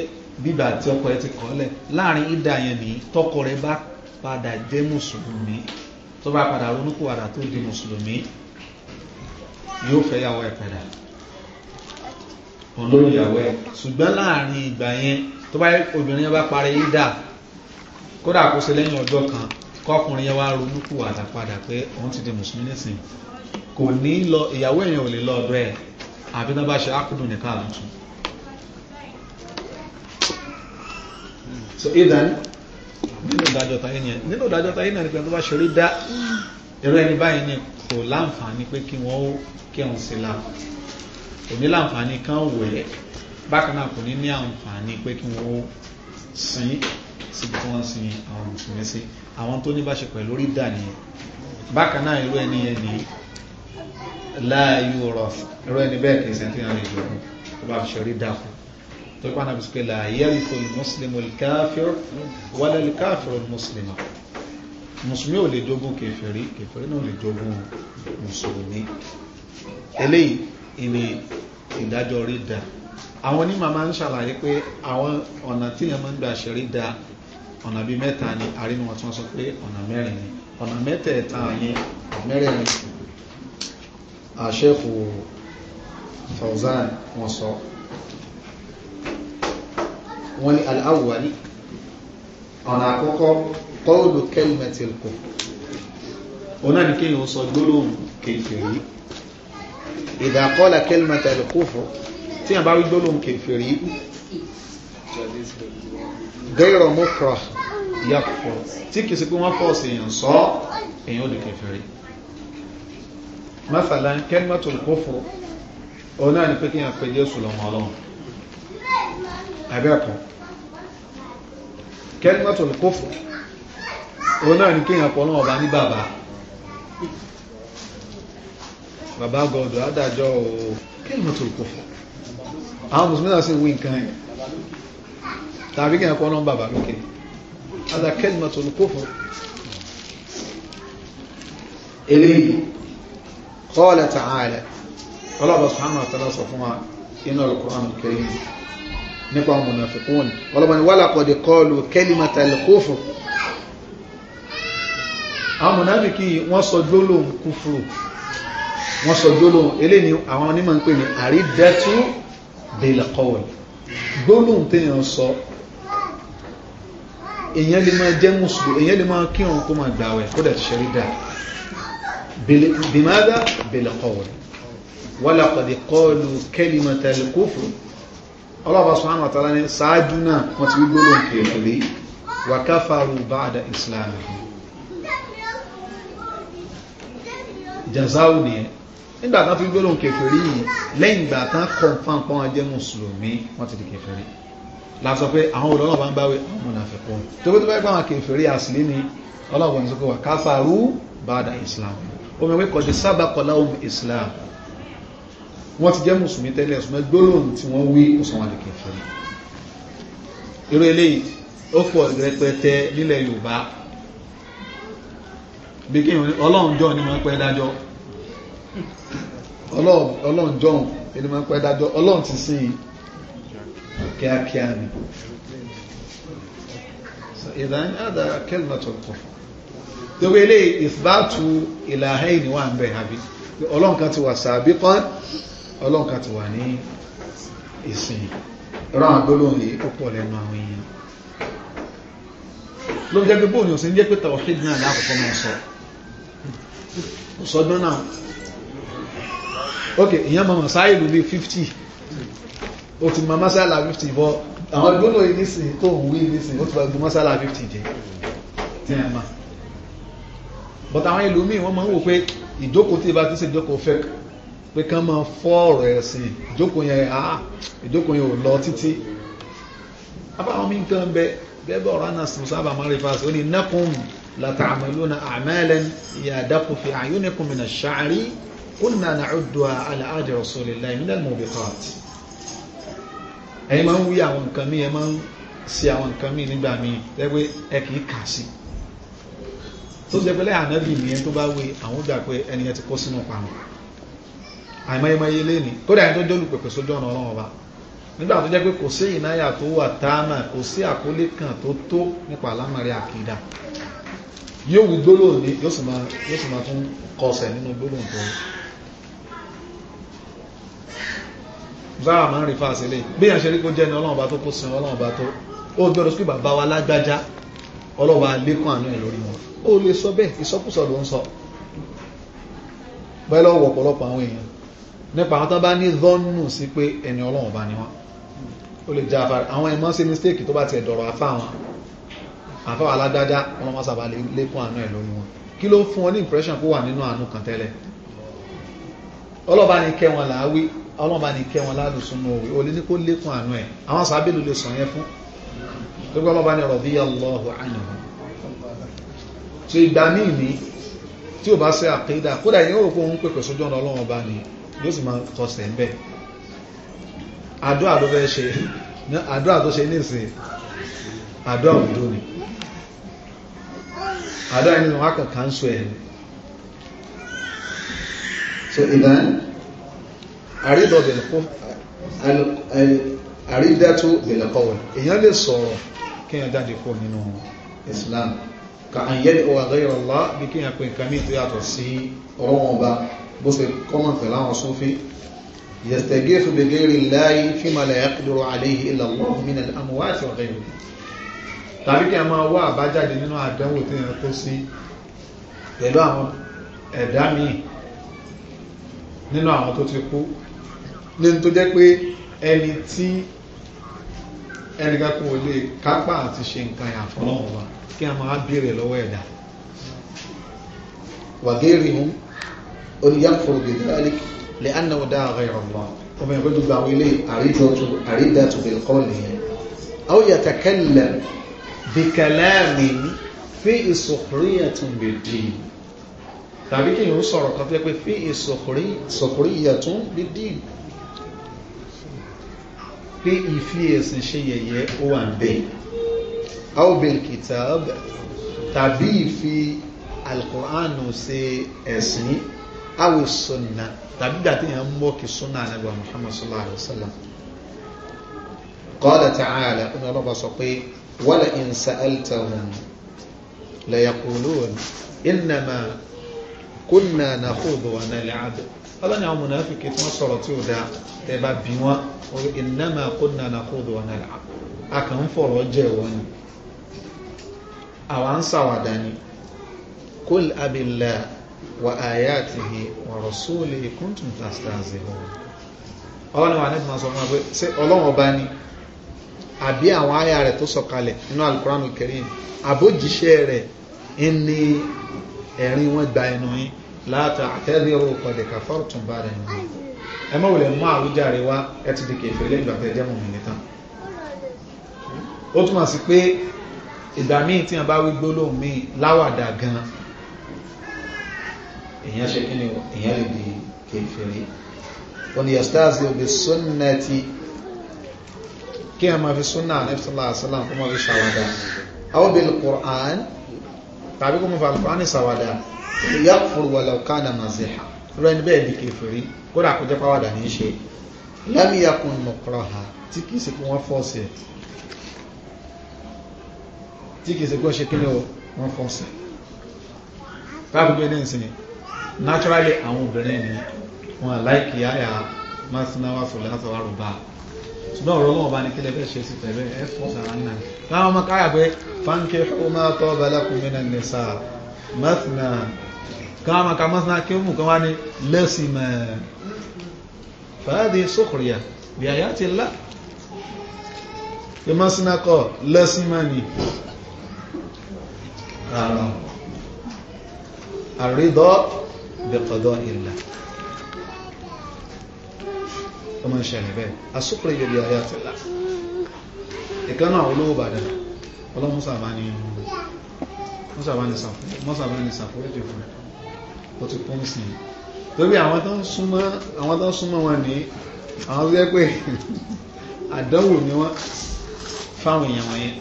Speaker 2: bíbà tí ọkọ ẹ ti kọ́ lẹ̀ láàrin ìdá yẹn nìyí tọkọ rẹ bá padà jẹ́ mùsùlùmí tó bá padà ronúkúwàdà tó di mùsùlùmí yóò fẹ́ yàwó ẹ̀ padà olóyàwó ẹ̀ ṣùgbọ́n láàrin ìgbà yẹn tó bá obìnrin yẹn bá parí ìdá kódà kó ṣe lẹ́yìn ọjọ́ kan kọkùnrin yẹn wá ronúkúwàdà padà pé òun ti di mùsùlùmí nísìn kò ní lọ ìyàwó èèyàn ò lè lọ ọ̀dọ̀ ẹ̀ àbí tó bá ṣe ákùdùn nìkan àlùtù so idan nínú ìdájọ́ táyé nìyẹn nínú ìdájọ́ táyé náà ni pé tó bá ṣeré dá irú ẹni báyìí ni kò láǹfààní pé kí wọ́n ó kírun sí la kò ní láǹfààní kan wẹ̀ bákan náà kò ní ní àǹfààní pé kí wọ́n ó sin síbi tí wọ́n sin àwọn mùsùlùmí sí àwọn tó ní bá ṣe dà nìyẹn bákan náà irú ẹni yẹn ni láàyò rọ̀ irú ẹni bẹ́ẹ̀ kì í sẹ́ńtì náà lè jọ tó bá ṣeré dá fún tọ́pá náà bí pé la المسلم الكافر ولا الكافر المسلم wala al-kafiru al-muslim mùsùlùmí ò lè jogún kèfèrí kèfèrí náà lè jogún mùsùlùmí eléyìí ni ìdájọ́ rí dáa àwọn onímọ̀ máa ń ṣàlàyé pé àwọn ọ̀nà tí yẹn máa ń gbà ṣeré da ọ̀nà bíi mẹ́ta ni àrínú wọn tí wọ́n sọ pé ni ọ̀nà mẹ́tẹ̀ẹ̀ta yẹn mẹ́rẹ̀ẹ̀rin àṣẹ́kù Fawzan wọ́n ní aláwọ̀lì ọ̀nà àkọ́kọ́ kọ́ọ̀lù kẹ́lùmẹ̀tì kò ọ̀nà ní kí yíò sọ gbólóhùn kèfèrí ìdàkọ́lá kẹ́lùmẹ̀tì kò fọ́ tí yàn bá wí gbólóhùn kèfèrí gẹ́rọ mọ́kọ̀ yàpọ̀ tí kì sí pé wọ́n fọ́ sí èèyàn sọ èèyàn òdì kèfèrí mẹ́fàlá kẹ́lùmẹ̀tì kò ọ̀nà ní pé kí yàn pẹ́ Jésù lọ́mọ àbẹ́ẹ̀kọ́ kẹ́límọ́tò ní kófò òun náà ní kéèyàn pọ̀ náà ọba ní bàbá bàbá gọ́ọ̀dọ̀ adájọ́ o kẹ́límọ́tò ní kófò àwọn mùsùlùmí náà sì wí nǹkan yẹn tàbí kéèyàn pọ̀ náà bàbá lókè ada kẹ́límọ́tò ní kófò eléyìí qala ta'ala ọlọ́ọ̀bọ̀ sọ̀hánà àtàlà sọ fún wa inú al-Qur'an nípa àwọn mọ̀nàfikún ni ọlọ́mọ ni wàlá kọ̀dẹ̀ kọlu kẹ́límọ̀tà lẹ́kọ́fù àwọn mọ̀nàfikún yìí wọ́n sọ gbólóhùn kúfùrù wọ́n sọ gbólóhùn eléyìí àwọn onímọ̀ ń pè ní àrídẹ́tú bẹ̀lẹ̀kọ́wẹ̀ gbólóhùn téèyàn sọ èèyàn lè máa jẹ́ mùsùlùmí èèyàn lè máa kírun kó máa gbàwẹ̀ kó dẹ̀ ṣe rí dáa bìmádà bẹ̀lẹ̀kọ́wẹ̀ wàlá kọ̀dẹ̀ kọlu kẹ́límọ̀tà lẹ́kọ́fù ọlọ́ọ̀bá subhanahu wa ta'ala ní ṣáájú náà wọ́n ti gbígbó lóun kèfèrí wa kafaru ba'da islam jazawu nìyẹn nígbà tán fi gbígbó lóun kèfèrí yìí lẹ́yìn ìgbà tán kọ̀ǹfàn pọ́n ajẹ́ mùsùlùmí wọ́n ti di kèfèrí lásọ pé àwọn olóòrùn bá ń báwé àwọn mùnàfíkún tó bí tó bá gbáwọn kèfèrí àsìlí ni ọlọ́ọ̀bọ̀n sọ pé wà kafaru ba'da islam wọ́n ti jẹ́ mùsùlùmí tẹ́lẹ̀ ṣùgbọ́n gbólóhùn tí wọ́n wí òsànwàdì kèfèrí irú eléyìí ó pọ̀ rẹpẹtẹ nílẹ̀ Yorùbá bí kí ọlọ́ọ̀njọ́ ni wọ́n pẹ́ dájọ́ ọlọ́ọ̀njọ́ ni wọ́n pẹ́ dájọ́ ọlọ́ọ̀n ti sìn kíákíá ni ìdáyìn àdá kẹlmọ̀tọ̀ kọ̀ torí eléyìí ìfìbátù ọlọ́nkà ti wà ní ìsìn rán agbólóhùn yìí ó pọ̀ lẹ́nu àwọn èèyàn ló ń jẹ́ pé bóòlù òsìn jẹ́ pé tawhid náà lákòókò máa sọ sọdún náà ok ìyẹn mọ̀mọ̀ sáyìlú bí 50 ó ti mọ masala 50 bọ́ àwọn gbólóhùn yìí nísìn tó ń wí nísìn ó ti bá gbó masala 50 jẹ tí ẹ̀ máa but àwọn ìlú míì wọ́n máa ń wò pé ìjókòó tí ìbá ti ṣe ìjókòó fẹ́kọ̀ọ́ pé kán máa fọ́ ọ̀rọ̀ ẹ̀sìn ìjókòó yẹn á ìjókòó yẹn ò lọ títí abáwọn mi nǹkan bẹ gẹ́gẹ́ ọ̀rọ̀ àná sùn sábà máa rí fásitì ó ní nẹ́kùn لتعملون أعمالا يدق في أعينكم من الشعر قلنا نعدها على عهد رسول الله من الموبقات ẹ̀yin máa ń wí àwọn nǹkan míì ẹ máa ń ṣe àwọn nǹkan míì nígbà míì lẹ́gbẹ́ ẹ kìí kà sí tó jẹ́ pé lẹ́yìn ànábì nìyẹn tó bá wí àwọn gbà pé ẹni yẹn ti kó sínú pàmò àìmọyẹmọye lẹ́ni tó dà ní tó jẹ́ olùpẹ̀pẹ̀ sójú ọ̀nà ọlọ́run ọba nígbà tó jẹ́ pé kò sí ìnáyà tó wà táàmà kò sí àkólé kan tó tó nípa àlámọ̀rí àkídà yóò wù gbólóhùn ní yóò sì máa tún kọsẹ̀ nínú gbólóhùn tó báwa máa ń rí fáṣẹ lẹ́yìn bí yàn ṣe rí kó jẹ́ ni ọlọ́run ọba tó kó sin ọlọ́run ọba tó ó gbọ́dọ̀ sí bàbá wa lágbájá ọlọ́wà lékún àánú ẹ̀ lórí wọn ó lè sọ bẹ́ẹ̀ ìsọkúsọ ló ń sọ bẹ́ẹ̀ lọ́wọ́ ọ̀pọ̀lọpọ̀ àwọn èèyàn nípa àwọn tó bá ní zọ́nù sí pé ẹni ọlọ́run bá ní wọn ó lè jẹ́ afárá àwọn ẹ̀mọ́ sí mistake tó bá ti ẹ̀dọ̀rọ̀ afá wọn afá wa lágbádá ọlọ́mọ sábà lékún àánú ẹ̀ lórí wọn kí ló fún ọ ní impression kó wà nínú àánú kan tẹ́lẹ̀ ọlọ́ba ni kẹ́ wọn làáwí ọlọ́ba ni kẹ́ wọn lálùsùnú òwe ó lè ní kó lékún àánú ẹ̀ àwọn sábẹ́lú lè sàn yẹn fún tó gbọ́ ọlọ́ba ní tí yóò sì máa tọ̀sẹ̀ ń bẹ̀ àdúrà tó fẹ́ ṣe àdúrà tó ṣe nísìn àdúrà òdó ni àdúrà nínú wọn kàn kàn sọ ẹ̀ so ìdán àrídọ́tò bẹ̀lẹ̀kọ́wẹ̀ èyàn lè sọ̀rọ̀ kí èyàn jáde kó nínú Islam ka àyẹ́lẹ̀ ọwà gẹ́rẹ̀ Allah bí kí èyàn pè nǹkan ní ìtò yàtọ̀ sí ọ̀rọ̀ wọn bá bó ṣe kọ́mọ̀ pẹ̀lú àwọn súnfí yastaghiithu bi ghayri Allahi fima la yaqdiru alayhi illa Allah min al-amwati wa ghayriha tàbí kí a máa wá àbájáde nínú àdánwò tí a kó sí pẹ̀lú àwọn ẹ̀dá míì nínú àwọn tó ti kú ní tó jẹ́ pé ẹni tí ẹnìkan kò lè kápá àti ṣe nǹkan àfọlọ́wọ́ wa kí a máa béèrè lọ́wọ́ ẹ̀dá wàgéèrè mú oníyàkùfọ̀rọ̀ bìdáàlì lè anáwó dáa ọ̀rẹ́ ọ̀gbọ́n ọmọ ìwé gbogbo àwọn ilé àrídàtù bẹ̀rẹ̀ kọ́ nìyẹn àwọn yàtà kẹlẹ̀ bí kẹlẹ́ẹ̀mì fi ìsòkòríyàtùn bèdè tàbí kí ìhun sọ̀rọ̀ kan fẹ́ pé fi ìsòkòríyàtùn bèdè pé ìfi ẹ̀sìn ṣe yẹ̀yẹ́ ó wà ń bẹ̀ àwọn bẹ̀rẹ̀ kìtàbí ìfi alkùránù ẹ̀sìn awo sunna tàbí gbàtí yẹn mọ́ kí sunna anabi muhammad sallallahu alayhi wa sallam qala ta'ala ọ̀nà ọlọ́ba sọ pé wala in sa'altahum la yaqulun innama kunna nakhudhu wa nal'ab ọlọ́ni àwọn mùnàfíkì tí wọ́n sọ̀rọ̀ tí ó da tẹ́ bá bí wọn innama kunna nakhudhu wa nal'ab a kàn ń fọ̀rọ̀ jẹ́ wọn ni àwa ni kul abillah وآياته ورسوله كنتم تستهزئون ọlọ́run wà nípa sọ fún wa pé ṣé ọlọ́run ọba ni àbí àwọn àyà rẹ̀ tó sọ̀kalẹ̀ nínú alukóránù kẹrin àbójíṣẹ́ rẹ̀ ń ní ẹ̀rín wọn gba ẹnu yín láta àtẹ́rẹ́rọ ọ̀kọ̀dẹ̀ kàfọ́ọ̀tún bá rẹ̀ ń ẹ mọ̀ wùlẹ̀ mú àwùjáre wá ẹ ti di kẹfẹ́ lẹ́yìn ìgbà tẹ́jẹ́ mọ̀ nìyẹn tán ó túmọ̀ sí pé ìgbà míì tí wọn bá wí gbólóhùn míì láwàdà gan-an
Speaker 1: èyàn ṣe kí ni èyàn lè di kèfèrí
Speaker 2: wọn ni yastazi bi sunnati kí a máa fi súnà anẹ́bísọ́lá àṣálàm kó máa fi ṣàwádà aw bil qur'an tàbí kó máa fi alquran ṣàwádà yakfur walau kana maziha rẹ̀ níbẹ̀ di kèfèrí kódà kó jẹ́ pàwádà ní ṣe lam yakun mukraha tí kìí ṣe kí wọ́n fọ́ọ̀sì ẹ̀ tí kìí ṣe kí ṣe kí wọ́n fọ́ọ̀sì ẹ̀ tábìlì ní ìsinmi naturally àwọn obìnrin ni wọn láìkì àyà masinawa sọlẹ́sọ̀wá rọ̀bà ṣùgbọ́n ọ̀rọ̀ ọlọ́wọ́ bá ní kílẹ̀ bẹ́ẹ̀ ṣe sí tẹ̀lé ẹ fọ́ sara náà láwọn ọmọ káyà pé fáńkì ọmọ tó balakum minan nisa masina káwọn ọmọ ká masina kí ó mú kan wá ní lẹ́sìn mẹ́ fàádìí sókòrìyà bí àyà ti lá bí masina kọ lẹ́sìn mẹ́ ni àrídọ́ بقضاء الله ọmọ ìṣẹ̀lẹ̀ bẹ́ẹ̀ asúkúrẹ́ yóò di ayé àtìlá ìkánà olówó bàdàn ọlọ́mọ́sàbá ni sàfúrẹ́jì fún ọ ti pọ́n sí torí àwọn tó ń súnmọ́ wọn ní àwọn tó jẹ́ pé àdánwò ni wọ́n fáwọn èèyàn wọ̀nyẹn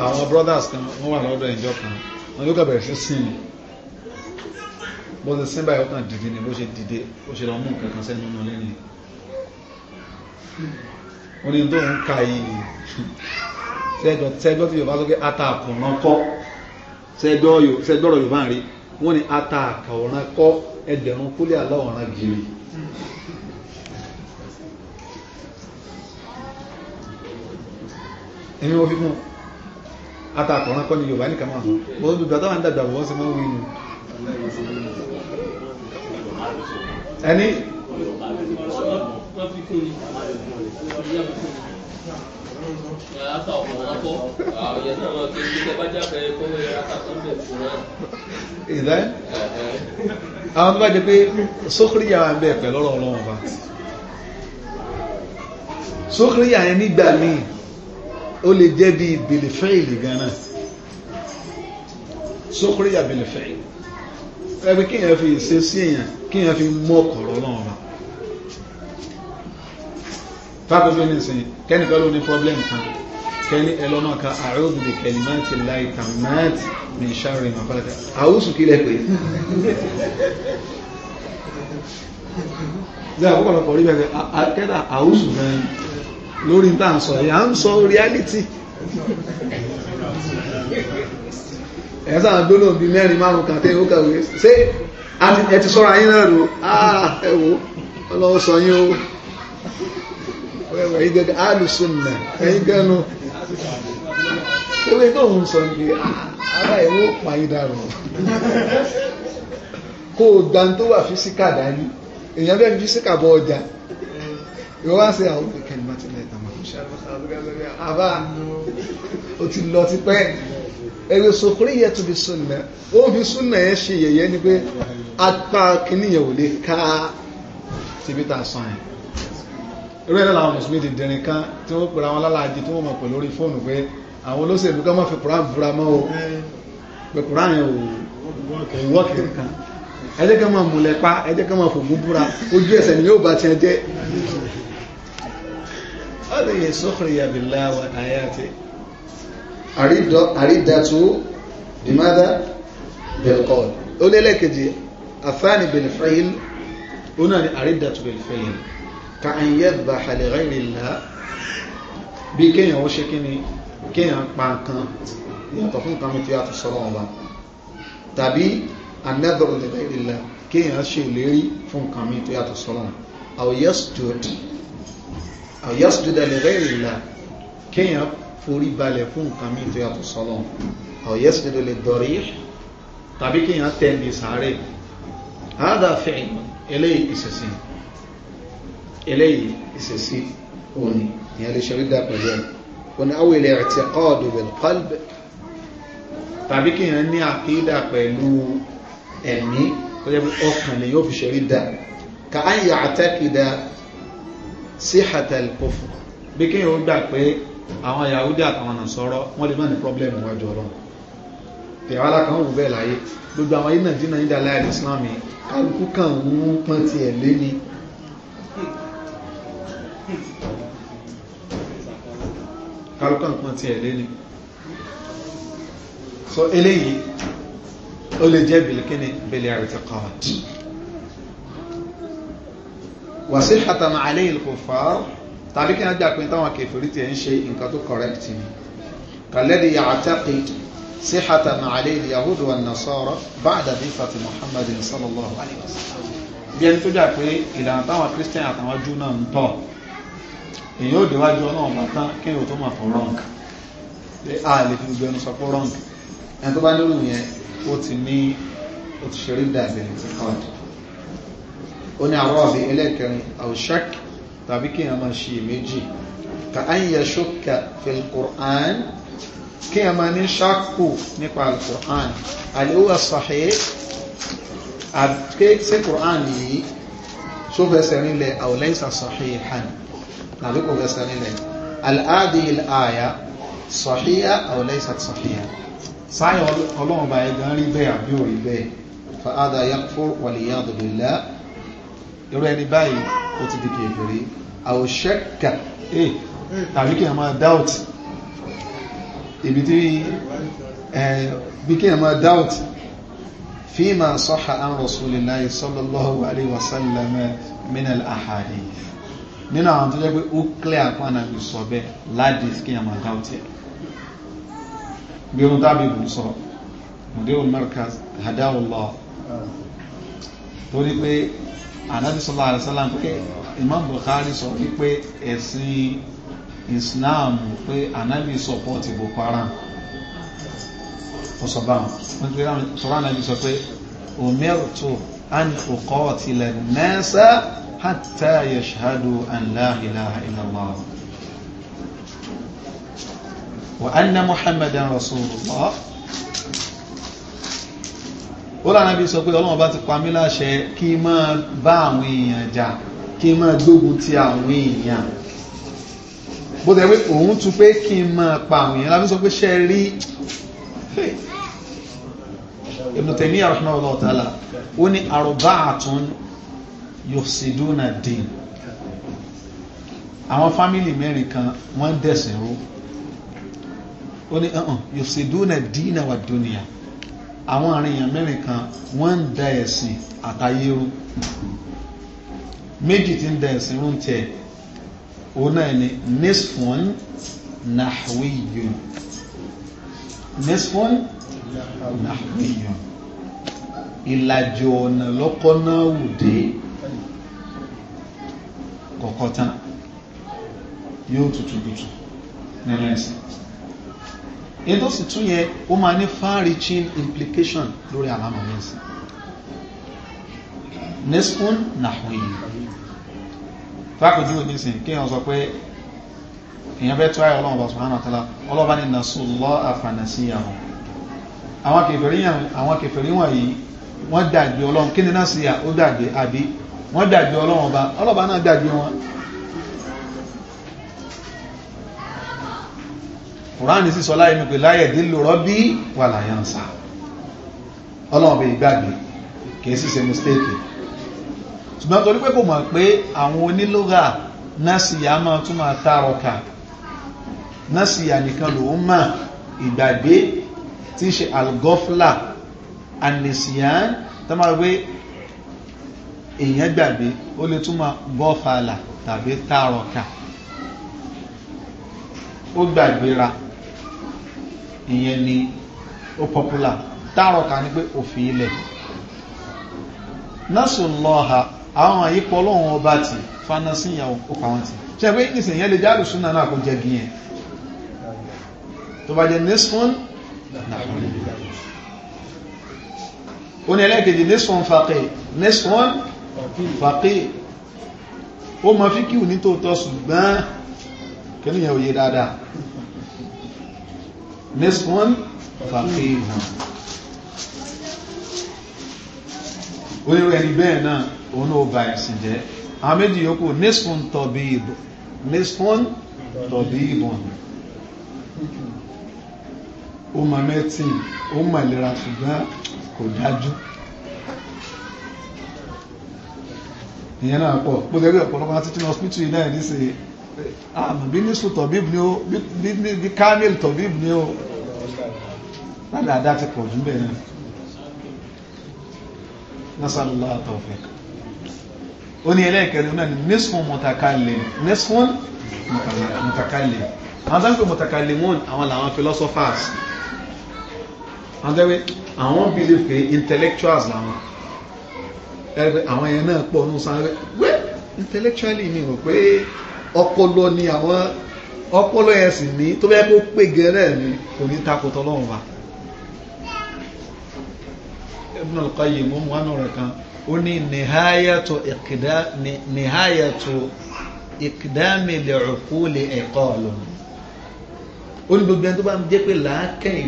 Speaker 2: Our brothers kan wọ́n wà lọ́dọ̀ ìjọ kan wọ́n yóò kẹ̀bẹ̀rẹ̀ sí sin ni bó ṣe sin báyìí ó kàn dìde ni bó ṣe dìde ó ṣe lọ mú nǹkan kan sẹ́nu nínú lẹ́nu ó ní tó ń ka yìí sẹ́jọ́ sẹ́jọ́ tí yorùbá sókè atakùnrán kọ́ sẹ́gbọ́rọ̀ yorùbá ń rí wọ́n ní atakùnrán kọ́ ẹgbẹ̀rún kúlẹ̀ aláwọ̀rán gírí èmi wọ́n fi mú un àtàkọ̀ọ́rán kọ́ ni Yorùbá nìkan máa mọ́ olùgbà tó wà ń dàgbà wọ́n sí máa wí ni
Speaker 1: ẹni ìdẹ́
Speaker 3: àwọn
Speaker 2: tó bá jẹ pé sókúríyà wà ń bẹ̀ pẹ̀lọ́rọ̀ ọlọ́wọ̀n bá sókúríyà yẹn nígbà míì ó lè jẹ́ bí bèlèfẹ́ìlì gan-an sókúrìyà bèlèfẹ́ìlì ẹgbẹ́ kíyàn fi ṣe sí èèyàn kíyàn fi mọ́ ọ̀kọ̀rọ̀ ọlọ́run ọba fábí bí nìsín kẹ́ni pẹ̀lú ní pọ́blẹ́mù kan kẹ́ni ẹlọ́nà ka a'udhu bi kalimati llahi tammati min sharri ma falaq àwùsù kílẹ̀ pé ṣe àkókò lọ́pọ̀ orí bẹ̀rẹ̀ kẹ́ta àwùsù gan lórí tá à ń sọ ẹ̀yà ń sọ reality ẹ̀yà sáà gbóná bí mẹ́rin márùn kàtẹ́ ó kàwé ṣé ẹ ti sọ́ra yín náà rò ah, ẹ wò ọlọ́wọ́ sọ yín o wẹ́wẹ́ yín gẹ́gẹ́ alùsùn nà ẹ̀yìn gẹ́nu ewé tó ń sọ ní ah, ara ìwó pàyídàrò kó o dan tó wà físíkà dání èèyàn bẹ́ẹ̀ físíkà bọ ọjà ìwọ́n wá sí àwọn àbá o ti lọ ti pẹ́ ẹ̀rọ sọ̀kúrí yẹ tó fi súnà ó fi súnà ẹ̀ ṣe yẹ̀yẹ́ ni pé apá kìíníyàn ò lè ká síbi tá a sàn yẹn irú ẹ̀rọ làwọn mùsùlùmí ti dẹ̀rìn kan tí wọ́n pèrè àwọn alálàájì tí wọ́n mọ̀ pẹ̀lú orí fóònù pé àwọn olóṣèlú kan máa fi kùrán búra mọ́ o pé kùrán yẹn ò wọ́ọ̀kì kan ẹjẹ́ kan máa múlẹ̀ pa ẹjẹ́ kan máa fògún búra ojú ẹsẹ̀ ni yóò bá tiẹ̀ jẹ́ هذه سخرية بالله وآياته àrídàtú bímádà bilqawl ó lélẹ́kẹ̀jì àfáàní bilfa'il ó náà ni àrídàtú bilfa'il ka an yadhbaha li ghayri Allah bí kéèyàn ó ṣe kí ni kéèyàn pa nǹkan yàtọ̀ fún nǹkan tí a ti sọ́rọ̀ ọba tàbí an-nadru li ghayri Allah kéèyàn ṣe ìlérí fún nǹkan tí a ti sọ́rọ̀ aw yasjud àyọ́sùdúdà lè rẹ̀ ìlà kíyàn forí balẹ̀ fún nǹkan mí tó yàtọ̀ sọ́lọ̀ àyọ́sùdúdà lè dọ̀rí tàbí kíyàn tẹ́ndì sàárẹ̀ hádà fẹ́ìn eléyìí ìsẹ̀sí eléyìí ìsẹ̀sí òní ìyẹn lè ṣẹ̀rídà pẹ̀lú òní awèlè àti ọ́ọ̀dù bil qalb tàbí kíyàn ní àkídà pẹ̀lú ẹ̀mí kọjá sí hàtẹ́lkófù bí kí o gbà pé àwọn yahudi àtàwọn ọ̀nà sọ̀rọ̀ wọ́n lè máa ní pọ́blẹ́mù wájú ọlọ́run tẹ̀wálá kan wù bẹ́ẹ̀ láyé gbogbo àwọn yìí nàìjíríà ní ìdálẹ́ àìlè islami kálukú kan ń pọ́n ti ẹ̀ lé ní so eléyìí ó lè jẹ́ bìlìkíní bẹ̀lẹ̀ àrètẹ̀kọ́ọ̀tì wàsíhàtà máa àlẹ́yìn al-kuffar tàbí kí wọ́n jà pé táwọn kèfèrí ti ẹ̀ ń ṣe nǹkan tó correct ni kàlẹ́dì ya'taqid síhàtà máa àlẹ́yìn yahudu wa nasara ba'da bífàtì muhammadin sallallahu alayhi wa sallam bí ẹni tó jà pé ìlànà táwọn christian àtàwọn jù náà ń tọ̀ èyí ò déwájú ọlọ́run bá kí ni ò tó máa fọ wrong a lè fi gbogbo ẹnu sọ pé wrong ẹni tó bá nírú yẹn ó ti ní ó ti ṣeré dàbẹ̀rẹ̀ ti kọ́ọ̀dù ó ní àwọn ọ̀bí ẹlẹ́kẹrin alshak tàbí kí a máa ṣe méjì ka an yẹ ṣókà fil Qur'an kí a máa ní ṣákù nípa al-Qur'an alówà sahih àti sí Qur'an yìí ṣó fẹsẹ̀ nílẹ̀ aw laysa sahihan tàbí kò fẹsẹ̀ nílẹ̀ al'adi al'aya sahiha aw laysat sahiha sáyẹ̀ ọlọ́run bá ẹgbẹ̀rún rí bẹ́ẹ̀ àbí òrí bẹ́ẹ̀ fa'ada yakfur waliyadu billah irú ẹni báyìí ó ti di kèfèrí àwòṣẹ́kà e eh, tàbí kí ẹmọ doubt ibi tí bí kí ẹmọ doubt fima sahha an rasulillahi sallallahu alaihi wasallam min al-ahadith nínú àwọn tó jẹ́ pé ó clear àpánà ìsọ̀ bẹ́ ládìs kí ẹmọ doubt ẹ̀ bí ohun tábí bù sọ mudirul markaz hadawullah torí pé ànábì sọlá àrẹsọlá pé Imam Bukhari sọ wípé ẹ̀sìn Islam pé ànábì sọpọ́ọ̀tì Boko Haram ọ̀sọ̀bá wọn pé sọ̀rọ̀ ànábì sọ pé omerto an uqatila nasa hatta yashhadu an la ilaha illallah wa anna Muhammadan rasulullah ó lára bí sọ pé ọlọ́run bá ti pa mí láṣẹ kí máa bá àwọn èèyàn jà kí máa gbógun ti àwọn èèyàn bó tẹ̀ pé òun tún pé kí n máa pa àwọn èèyàn lábí sọ pé ṣe rí Ibn Taymiyyah rahimahullah ta'ala ó ní arba'atun yufsiduna din àwọn fámìlì mẹ́rin kan wọ́n dẹ̀sìn rú ó ní uh-uh, yufsiduna dina wa àwọn àríyàn mẹ́rin kan wọ́n ń da ẹ̀sìn àtayérú méjì tí ń da ẹ̀sìn rún tiẹ̀ òun náà ni nisfun nahwiyun nisfun nahwiyun ìlàjì ọ̀nà lọ́kọ́ náà wùdé kọ̀kọ́ tán yóò tutù tutù nínú ẹ̀sìn èyí tó sì tún yẹ ó máa ní far reaching implication lórí àlámà yẹn sí nesun nahun yìí fákòjú òní sìn kí èèyàn sọ pé èèyàn fẹ́ tó ayọ̀ ọlọ́run bàtún hàn àtàlà ọlọ́ba ní nasu lọ́ àfànàsí àwọn àwọn kèfèrí wọ̀nyí wọ́n dàgbé ọlọ́run kí ni náà sí à ó dàgbé àbí wọ́n dàgbé ọlọ́run ọba ọlọ́ba náà dàgbé wọn kùránì sí sọ láyé ní pé láyé dìlò rọ́bí wà láyánsà ọlọ́run bí ìgbàgbé kìí sí ṣe mistake ṣùgbọ́n torí pé kò mọ̀ pé àwọn onílógà násìyà máa tún máa tààrọkà násìyà nìkan ló ń mà ìgbàgbé tí ṣe algofla anisiyan tó máa èèyàn gbàgbé ó lè túmọ̀ gọ́fàlà tàbí tààrọkà ó gbàgbéra ìyẹn ni ó popular táàrọ̀ ká ní pé òfin ilẹ̀ násùlọ́ha àwọn àyípo ọlọ́run ọba ti fanasíyà òkú àwọn ti ṣe pé ìsìn yẹn lè jáàrù súnà náà kó jẹ gíyẹn tó bá jẹ nisfun ó ní ẹlẹ́kẹ̀ẹ́jì nisfun fàkì nisfun fàkì ó mọ fíkíù ní tòótọ́ ṣùgbọ́n kí ni yẹn ò yé dáadáa نصف فقيه onírú ẹni bẹ́ẹ̀ náà òun ó ba ẹ̀sìn jẹ́ àwọn méjì yóò kú nisfun tọ̀bí ìbọn nisfun tọ̀bí ìbọn ó ma mẹ́tìn ó ma lera ṣùgbọ́n kò dájú ìyẹn náà pọ̀ pọ̀ gẹ́gẹ́ ọ̀pọ̀lọpọ̀ títí ní ọ̀spítù yìí náà ní sí àmọ́ ah, bí nísù tọ̀bí ni ó bí kámil tọ̀bí ni ó ládàá àdá ti pọ̀ jù bẹ́ẹ̀ nasalala tawfiq ó ní ẹlẹ́ẹ̀kẹ́rin náà ni nisfun mutakallim nisfun mutakallim àwọn tó ń pè mutakallimun àwọn làwọn philosophers àwọn tẹ́wé àwọn believe pé intellectuals làwọn ẹgbẹ́ àwọn yẹn náà pọ̀ ní sáré wẹ́ intellectually ni rò pé ọpọlọ ni àwọn ọpọlọ yẹn sì ní tó bẹ́ẹ̀ kó ní takòtọ́ lọ́wọ́ wa Ibn al-Qayyim mọ́ mọ́ rẹ̀ kan ó ní nìháyàtò ìkìdámìlẹ̀ òkú lè ẹ̀kọ́ ọ̀lọ́run ó ní gbogbo ẹni tó bá ń jẹ́ pé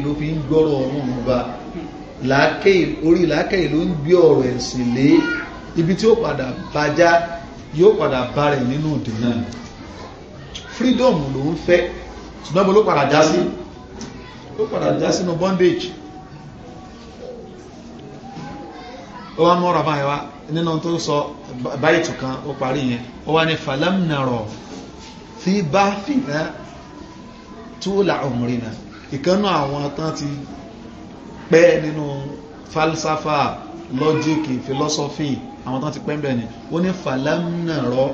Speaker 2: ló fi ń gbọ́rọ̀ ọ̀run ọba orí ló ń gbé ọ̀rọ̀ ẹ̀sìn lé ibi tí ó padà bàjá yóò padà bá rẹ̀ nínú òdì náà freedom ló ń fẹ́ ṣùgbọ́n mo ló padà já sí ó padà já sínú bondage ó wá mọ́ra báyìí wá nínú tó sọ báyìtù kan ó parí yẹn ó wá ní falamnarọ̀ fi bá fìdá tó là ọmọrìnà ìkánú àwọn tán ti pẹ́ nínú falsafa logic philosophy àwọn tán ti pẹ́ ń bẹ̀ ni ó ní falamnarọ̀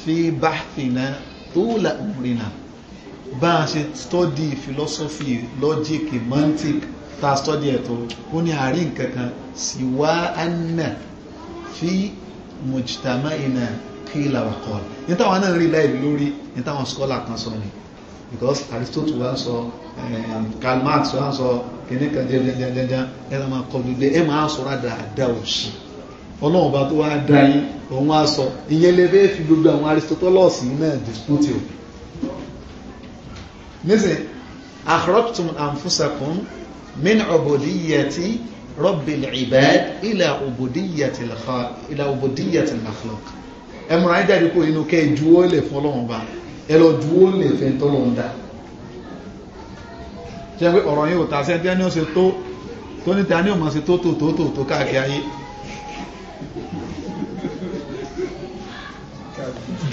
Speaker 2: fi bá fìdá tóòlà òmìnira bá a ṣe stọ́dí philosophy logic mantic ta stọ́dí ẹ̀tọ́ ó ní àárín kankan sí wá anna fi mujtama ina kíla wakọ̀ ní táwọn náà rí láì lórí ní táwọn scholar kan sọ ni because Aristotle wá sọ eh, Karl Marx wá sọ kìnnìkan jẹjẹjẹjẹjẹ ẹ máa kọlu lé ẹ máa sọ rádà àdá òṣì ọlọ́run bá tó wá dá yín òun á sọ ìyẹn lè fẹ́ fi gbogbo àwọn aristotle's náà dispute o nísìn akhrajtum anfusakum min ubudiyyati rabbil ibad ila ubudiyyatil makhluq ẹmùra ń jáde kó inú kẹ́ ìjuwó lè fún ọlọ́run bá ẹlọ juwó lè fẹ́ tọ́lọ́run dá ṣe pé ọ̀rọ̀ yìí ò tà sẹ́ńtẹ́ ní ó ṣe tó tó níta ní ọmọ ṣe tó tó tó tó káàkiri ayé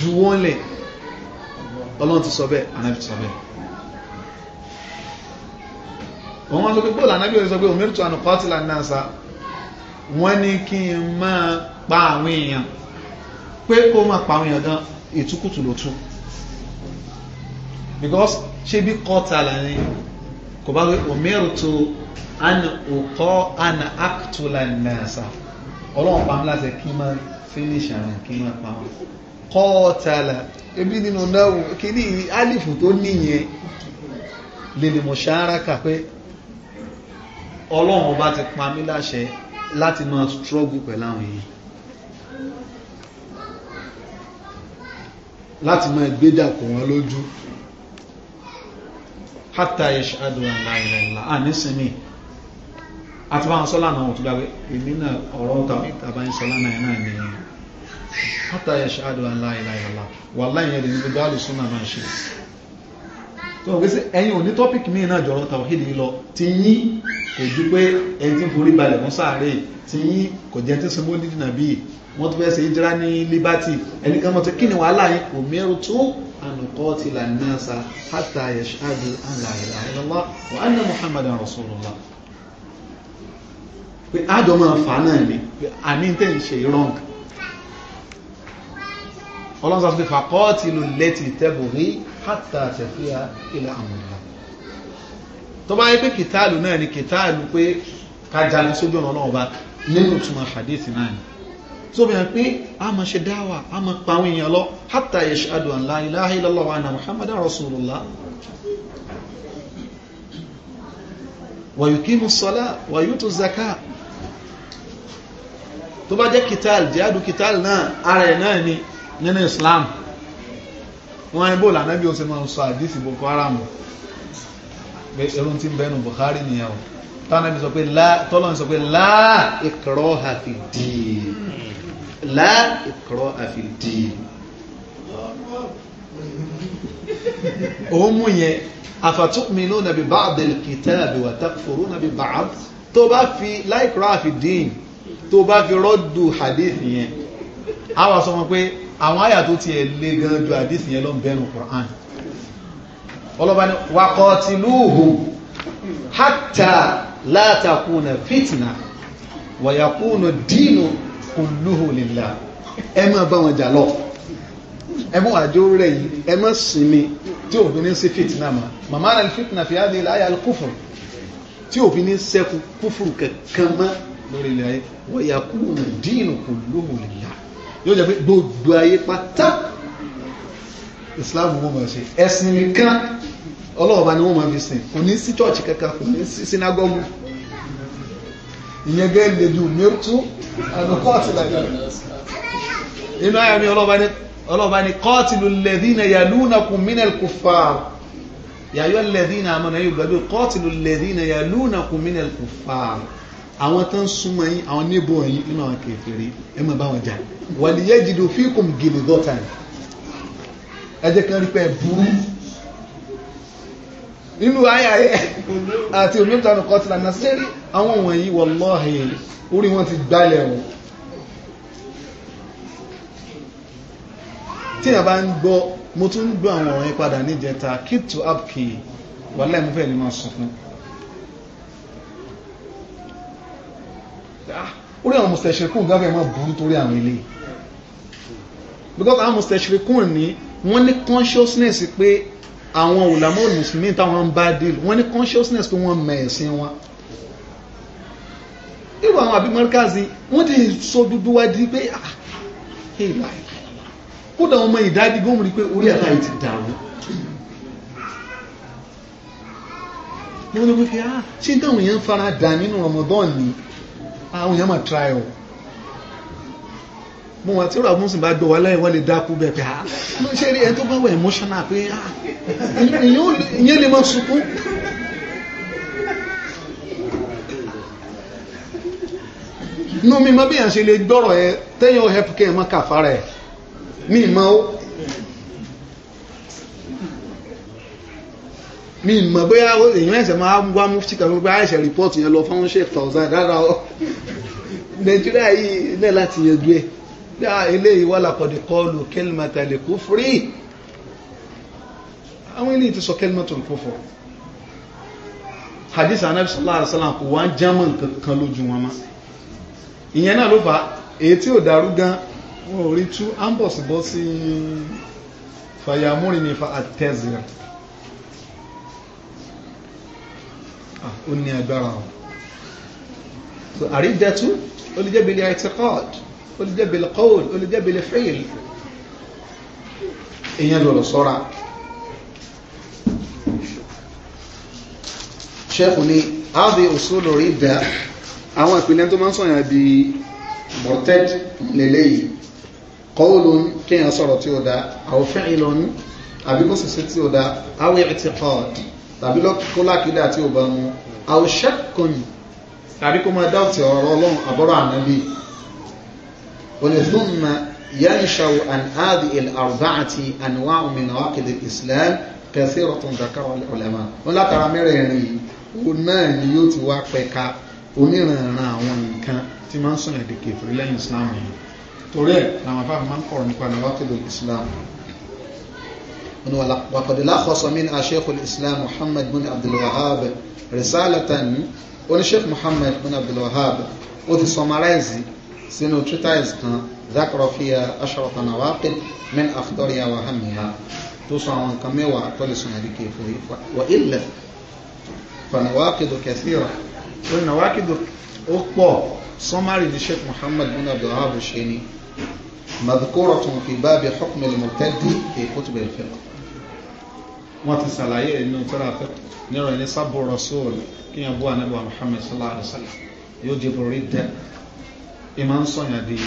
Speaker 2: ju wọ́n lẹ̀ ọlọ́run ti sọ bẹ́ẹ̀ anábì ti sọ bẹ́ẹ̀ wọ́n wọ́n sọ pé bóòlù anábì sọ pé òmìniritù àná pátìlà náà wọ́n ní kí n máa pa àwọn èèyàn pé kó máa pa àwọn èèyàn gan ìtukùtù ló because ṣé bí kọ́tàlà ni kò bá wí òmìniritù àná òkọ́ àná àkùtùlà náà sa ọlọ́run pa mi láti kí n máa finish àwọn kí n máa pa wọn. kọ́ọ̀tàlà ebi nínú náà kìíní alifu tó níyẹn lèlè mọ̀ṣáraka pé ọlọ́run ọba ti pa mí láṣẹ láti máa struggle pẹ̀lú àwọn láti máa gbédàkọ̀ wọn lójú hátà yashhadu an la àti báwọn sọ́lá náà tó dáwé èmi náà ọ̀rọ̀ tàbí tàbí sọ́lá náà náà nìyẹn hátà yẹ ṣáàdù aláìláìlá wà láìyẹn ní gbogbo alùsúnà máa ṣe tó gbé sí ẹ̀yìn topic tọ́pìkì míì náà jọ̀rọ̀ tàwọ̀hídì lọ ti yín kò ju pé ẹni tí ń forí balẹ̀ fún sáré ti yín kò jẹ́ tí sinmi ní dìnnà bíi wọ́n tó fẹ́ ṣe ìjírá ní liberty ẹni kan mọ̀ tó kí ni wàhálà yín kò mẹ́rù tó ànùkọ́ ti là náà sa hátà yẹ ṣáàdù aláìláìlá wà á muhammadan rasulullah pé àjọ máa fà náà ni àní tẹ̀ ń wrong ọlọ́run sọ pé fàkọ́ọ̀tì ló lẹ́tì tẹ́bùrí hátà àtẹ̀fíà ilẹ̀ àmọ̀lá tó bá yẹ pé kìtàlù náà ni kìtàlù pé kájàlú sójú ọ̀nà ọlọ́run bá nínú túnmọ̀ hadith náà ni so bí i pé a máa ṣe dáwà a máa pa àwọn èèyàn lọ hátà yashhadu an la ilaha illallah wa anna muhammadan rasulullah wa tó bá jẹ́ kìtàlù jihadu kìtàlù náà ara ẹ̀ náà ni nínú Islam wọ́n ẹbò lànẹ́bí ó sì máa ń sọ àdísì Boko Haram pé irun tí ń bẹnu Bukhari nìyẹn o tánàbí sọ pé tọ́lọ́n sọ pé láà ikraha fi dìí láà ikraha fi dìí òun mú yẹn afatu'minuna bi ba'dil kitabi wa takfuruna bi ba'd tó bá fi la ikraha tó bá fi rọ́dù hadith yẹn a sọ wọn pé àwọn àyà tó tiẹ̀ lé gan ju àdìsí yẹn lọ ń bẹnu Qur'an ọlọ́ba ni waqatiluhum hatta la takuna fitna wa yakuna dinu kulluhu lillah ẹ máa bá wọn jà lọ ẹ mú àjò rẹ̀ yìí ẹ má sinmi tí òfin ní sí fitna ma màmá náà fitna fi hadhihi al-aya al-kufr tí òfin ní sẹ́kù kúfùrù kankan mọ́ lórí ilẹ̀ ayé wa yakuna yóò jẹ́ pé gbogbo ayé pátá islam wọ́n mọ̀ ṣe ẹ̀sìn nìkan ọlọ́ọ̀bá ni wọ́n mọ̀ fi sìn kò ní sí chọ́ọ̀chì kankan kò ní sí sinagogu ìyẹn gẹ́ lè ju mẹ́tú àdókọ́ọ̀tì làjọ́ inú ayà mi ọlọ́ọ̀bá ni kọ́ọ̀tìlù lẹ́dínà yàlúnàkùn mínal kùfàr yàyọ́ lẹ́dínà àmọ́nà yóò gbàgbé kọ́ọ̀tìlù lẹ́dínà yàlúnàkùn mínal kùfàr àwọn tó ń súnmọ́ yín àwọn níbo yín nínú àwọn kèfèrí ẹ máa bá wọn jà wàlíyé jìdò fíkùn gìlìdọ́tà ẹ jẹ́ kí wọ́n rí pé burú nínú àyà yẹ àti olóòtú kọtìlá náà sẹ́rí àwọn wọ̀nyí wallahi orí wọn ti gbálẹ̀ wọn tí a bá ń gbọ́ mo tún ń gbọ́ àwọn ọ̀rọ̀ yẹn padà níjẹta keep to up key wàlẹ́ mo fẹ́ ní máa sunkún Ah, orí àwọn mustachirikun gáfẹ́ máa burú torí àwọn ilé because àwọn mustachirikun ní wọ́n ní consciousness pé àwọn ulama muslimin táwọn bá deal wọ́n ní consciousness pé wọ́n mẹ̀ ẹ̀sìn wọn irú àwọn àbí mọ́ríkàzí wọ́n ti sọ dúdú wá di pé ah, kódà ọmọ ìdájí gómìnà pé orí ẹ̀ta ìtì dàrú wọ́n ní wípé ah ṣe dáwọn èèyàn fara dà nínú Ramadan ni àwọn ah, èèyàn máa try ọ mo wà tí ó rà mùsùlùmí bá dọ̀wọ́ lẹ́yìn wọ́n lè dákú bẹ́ẹ̀ pé ah ṣé rí ẹni tó bá wà emotional pé ah ìyẹn lè máa sunkún. inú mi máa bí yàn ṣe lè gbọ́rọ̀ ẹ tẹ́yìn help kẹ́ ẹ má kà fara ẹ̀ mi mọ̀ bóyá èèyàn ẹ̀sẹ̀ máa wá mufti kan gbogbo àìsẹ̀ rìpọ́ọ̀tì yẹn lọ fáwọn sheikh tọ̀sán rárá ọ nàìjíríà yìí náà láti yanjú ẹ̀ dá eléyìí wà lápọ̀dé kọlù kẹlmata lè kó fúrí àwọn ilé ti sọ kẹlmata lè kó fọ́ hadith anabi sallallahu alaihi wasallam kò wá jámọ̀ kan lójú wọn má ìyẹn náà ló fà èyí tí ò dàrú gan wọn ò rí tú ambos bọ́ sí fàyàmúrin ní fa àtẹ́zìrì Ah, ó ní agbára wọn so àrídẹ́tú ó lè jẹ́ bil i'tiqad ó lè jẹ́ bil qawl ó lè jẹ́ bil fi'l ìyẹn lọ́lọ́ sọ́ra ṣẹ́kù ni ábí usul ridda àwọn ìpínlẹ̀ tó máa ń sọ̀yàn bí morted lélẹ́ yìí qawlun kéèyàn sọ̀rọ̀ tí ó dá aw fi'lun àbíkọ́sẹ̀sẹ̀ tí ó dá aw i'tiqad tàbí lọ́kọ́ lákídà tí ó bá mú àwòṣẹ́ kọyìn tàbí kó máa dáwọ̀tì ọ̀rọ̀ ọlọ́run àbọ́rọ̀ ànábì onífúnmà yanṣau an adi il arba'ati anwa min waqid islam kathiratun dhakara ulama wọn látara mẹ́rẹ̀ẹ̀rin yìí ó náà ni yóò ti wá pẹ̀ka oníranran àwọn nǹkan tí máa ń sọ̀rọ̀ èdè kèfèrí islam yìí torí ẹ̀ làwọn afáfẹ́ máa ń kọ̀rọ̀ nípa nawaqid islam وقد لخص من آه شيخ الإسلام محمد بن عبد الوهاب رسالة ولشيخ محمد بن عبد الوهاب وفي سمرايزي سينو تريتايز كان ذكر فيها اشرف نواقل من أخطرها وهمها توصل عن كمية وأطول سنة وإلا فنواقد كثيرة والنواقض أقوى سمري لشيخ محمد بن عبد الوهاب الشيني مذكورة في باب حكم المرتد في كتب الفقه wọ́n ti sàlàyé inú tọ́ra fẹ́ nírọ̀ ní sábò rasul kí yẹn bú anábọ̀ muhammad sallallahu alaihi wasallam yóò jẹ́ borí dẹ́ ìmá ń sọ̀yà di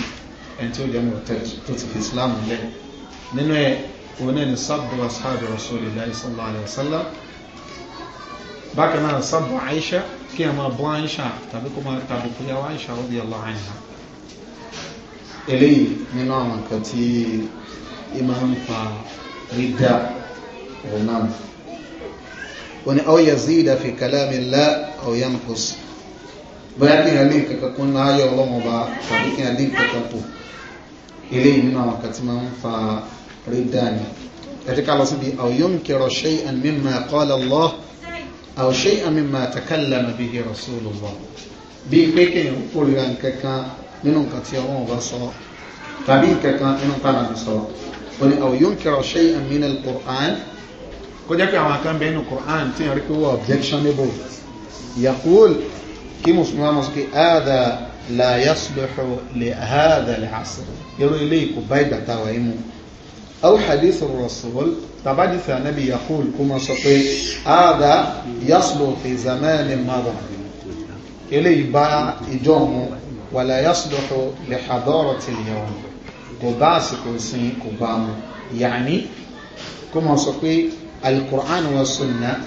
Speaker 2: ẹni tí ó jẹ́ mọ̀ tẹ́ tó ti fi islam lẹ́ nínú ẹ̀ òun náà ni sábò asáàbì rasulillahi sallallahu alaihi wasallam bákan náà sábò aisha kí yẹn máa bọ́ aisha tàbí kó máa tàbí kó yá aisha radiyallahu anha eléyìí nínú àwọn nǹkan tí ìmá ń fa rídà òun náà wọ́n ni ọ yazida fi kalamillah aw yanqus bóyá kí ẹ̀lẹ́ ìkẹ́kẹ́ kún náà yọ ọlọ́wọ́ bá tàbí kí ẹ̀lẹ́ ìkẹ́kẹ́ kù ilé ìnú àwọn kan tí ma ń fa rídà ní ẹ̀tíká lọ síbi aw yunkira shay'an mimma qala Allah aw shay'an mimma takallama bihi rasulullah bí i pé kéèyàn kórìíra nǹkankan nínú nǹkan tí ọlọ́wọ́ bá sọ tàbí nǹkankan nínú nǹkan shay'an min al-Qur'an kó jẹ́ pé àwọn kan bẹ́nu Qur'an tí yàn rí pé wọ́n objectionable yaqul kí musulman mọ̀ sókè áàdà la yasluhu li áàdà li asr yẹ́rọ ilé ìkò bá ìgbàta wà ímú aw hadith rasul tàbádìí fẹ́ anábì yaqul kó mọ̀ sọ pé áàdà fi zamani mada ilé ìbá ìjọ mu wàlá li hadarati al-yawm kò bá àsìkò sin kò bá mu yàní kó mọ̀ sọ القرآن والسنة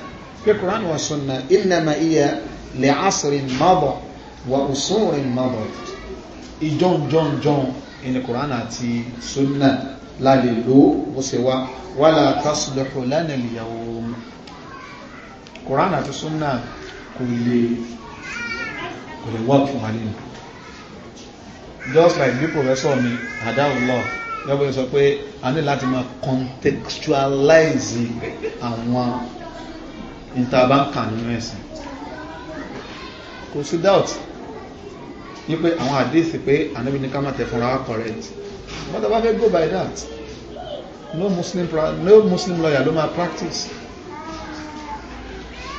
Speaker 2: في القرآن والسنة إنما هي لعصر مضى وأصور مضى إجون جون جون إن القرآن أتي سنة لا للو وسوا ولا تصلح لنا اليوم القرآن أتي سنة كل كل وقت علينا just like the professor me allah yọ́bọ̀ sọ pé a ní láti máa contextualize àwọn interbanka nínú ẹ̀sìn kò sí doubt wípé àwọn àdéhìsì pé ànábì ní ká má tẹ fúnra wa correct but i bá fẹ́ go by that no muslim no muslim lawyer ló máa practice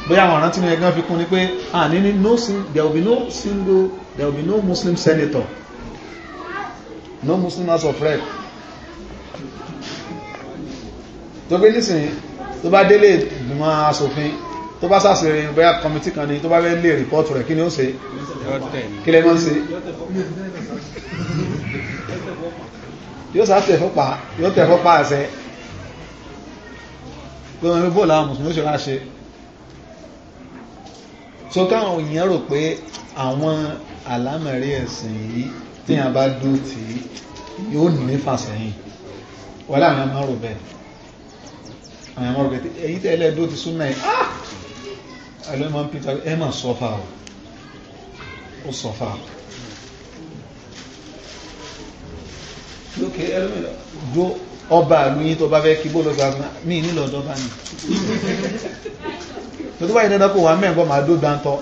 Speaker 2: bóyá àwọn àrántí ní ẹgbẹ́ fi kún ní pé à ah, ní ní no there will be no single there will be no muslim senator no muslim house of rep tó gbé nísìnyí tó bá délé ìgbìmọ̀ asòfin tó bá sàṣẹ̀rẹ̀ bóyá kọmitì kan ní tó bá fẹ́ lè rìpọ́tù rẹ̀ kí ni ó ṣe kí lẹ́mọ́ ṣe yóò sàtẹ̀ fọ́pá yóò tẹ̀ fọ́pá ẹ̀ṣẹ́ pé wọn ní bóòlù àwọn mùsùlùmí ṣe láṣe so káwọn èèyàn rò pé àwọn àlámẹ̀rí ẹ̀sìn yìí tí a bá dó tì yóò ní fàṣẹ̀yìn wọ́n láwọn máa rò bẹ́ẹ̀ àwọn ọmọ rẹ̀ èyí tẹ́ ẹlẹ́dó ti súnmọ́ ẹ̀ alẹ́mọ̀ peter emma sọ́fà ó sọ́fà lókè ẹlẹ́mọ̀ dó ọba lóyìn tó bá fẹ́ kí bó lọ́gbà mí nílò ọ̀dọ́bà ní tó tó bá yìí dandan kò wà mẹ́ẹ̀kọ́ máa dó dáńtọ́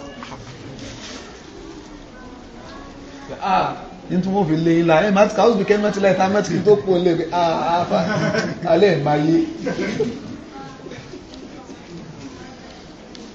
Speaker 2: ah ní tí wọ́n fi lè ilá ẹ̀ máa ti kàá bí kẹ́ mẹ́tìlá ìta mẹ́tìlá tó kú ó lè fi ah ah fa alẹ́ ìmáyé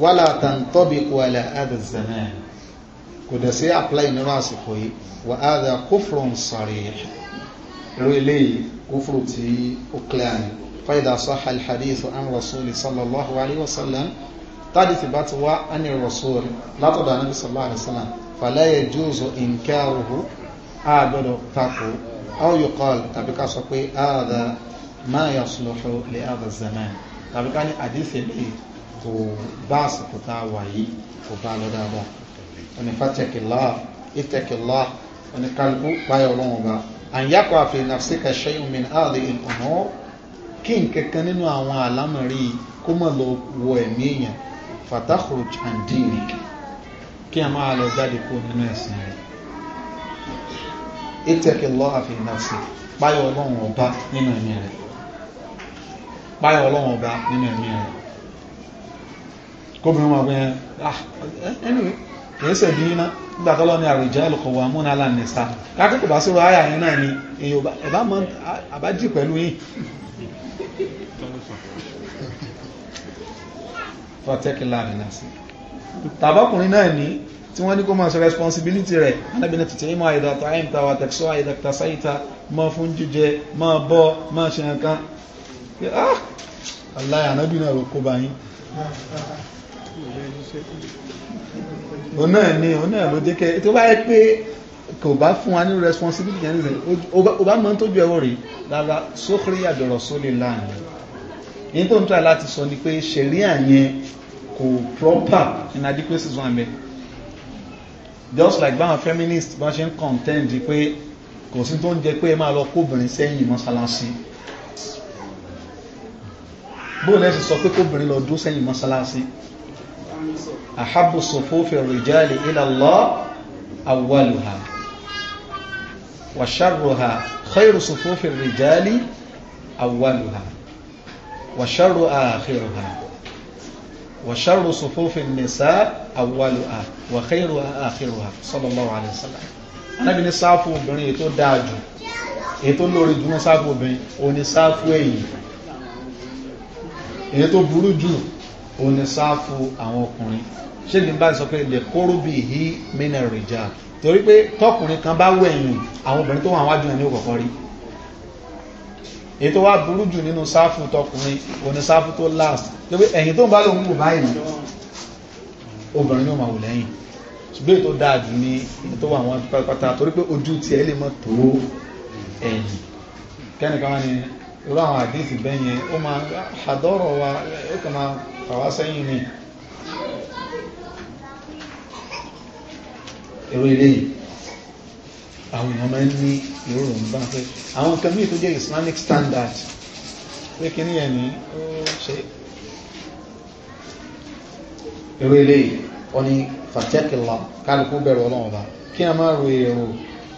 Speaker 2: wálá tàǹtọ́bì wàlá àdà zàmà kò dẹ̀ sí apply nínú àsìkò yìí wà àdà kófòrùn sọ̀rọ̀ irú eléyìí kófòrò tí ó clear ni fàyídà sọ́hà alhadithu an rasuli sallallahu alaihi wasallam tàbí ti bá ti wá ani rasuli látọ̀dọ̀ anábi sallallahu alaihi wasallam fàlẹ́yẹ jùzọ ìǹkẹ́rùhù àgbẹ̀dọ̀ tako kò bá àsìkò tá a wà yìí kò bá lọ dáadáa onífà tẹkìlá ìtẹkìlá oníkálukú báyọ̀ ọlọ́run ọba àyàkọ̀ àfihàn àfisíkà ṣẹ́yìn mi àdé ìkànnà kí nkankan nínú àwọn àlámọ̀rí kó mọ̀ lọ wọ ẹ̀mí èèyàn fatahruj andinik kí a máa lọ jáde kó nínú ẹ̀sìn rẹ̀ ìtẹkìlá àfihàn àfisíkà báyọ̀ ọlọ́run ọba nínú ẹ̀mí rẹ̀ báyọ̀ ọlọ́run ọba nínú ẹ̀mí rẹ̀ kóbìnrin máa ah anyway kìí sẹ̀bí iná nígbà tọ́lọ́ ní ar-rijalu qawwamuna 'ala an-nisa kákòkò bá sọ̀rọ̀ àyà yẹn náà ni èyàn ẹ̀bá mọ́ àbájì pẹ̀lú yìí fọ́tẹ́kìlá rẹ̀ náà sí tàbákùnrin náà ní tí wọ́n ní kó máa sọ responsibility rẹ̀ anábìnà tìtẹ̀ ìmọ̀ àìdàtọ̀ àìmta wà tẹ̀sọ́ àìdàtà sáìta mọ́ fún jíjẹ mọ́ bọ́ mọ́ ṣe nǹkan ah, aláyà anábìnà rò kó báyìí òun náà ni òun náà ló dékẹ́ tó bá yẹ pé kò bá fún wa ní responsibility yẹn nìyẹn ó bá mọ́ tó ju ẹwọ́ rí lára sókèrè àjọ̀rọ̀ sólè láàrin yìí tó ń tọ́ láti sọ ni pé ṣẹ̀ríà yẹn kò proper inadequacies wọn bẹ́ẹ̀ just like báwọn feminist bá ṣe ń contend pé kò sí tó ń jẹ pé ẹ máa lọ kóbìnrin sẹ́yìn mọ́sálásí bóòlù ẹ sì sọ pé kóbìnrin lọ dúró sẹ́yìn mọ́sálásí ahabbu sufufi rijali ila Allah awwaluha wa sharruha khairu sufufi rijali awwaluha wa sharru akhiruha wa sharru sufufi nisa awwaluha wa khairu akhiruha sallallahu alaihi wasallam Ànábì ní sáfù obìnrin tó dájú èyí tó lórí jùmọ́ sáfù obìnrin o ní sáfù èyí tó burú jù o ní sáfù àwọn ọkùnrin ṣé ní bá sọ pé lè kóró bí ìhí mínà rìjà torí pé tọkùnrin kan bá wẹ̀yìn àwọn obìnrin tó wà wájú ẹni òkọ̀kọ́ rí èyí tó wá burú jù nínú sáfù tọkùnrin òní sáfù tó last tó pé ẹ̀yìn tó ń bá lòun wò báyìí obìnrin ni ó máa wò lẹ́yìn ṣùgbọ́n èyí tó dáa jù ní èyí tó wà wọn pátá torí pé ojú tiẹ̀ lè mọ́ tó ẹ̀yìn kẹ́nìkan wá ní irú àwọn àdéhìí bẹ́yẹn ó máa àdọ́rọ̀ wa ó kàn máa fà wá sẹ́yìn ni ẹ̀rọ eléyìí àwọn èèyàn máa ń ní ìrọ̀rùn bá fẹ́ àwọn nǹkan míì tó jẹ́ islamic standard pé kí ní ẹ̀mí ó ṣe ẹ̀rọ eléyìí wọ́n ní fàtẹ́kìlá kálukú bẹ̀rù ọlọ́run bá kí a máa ro èrò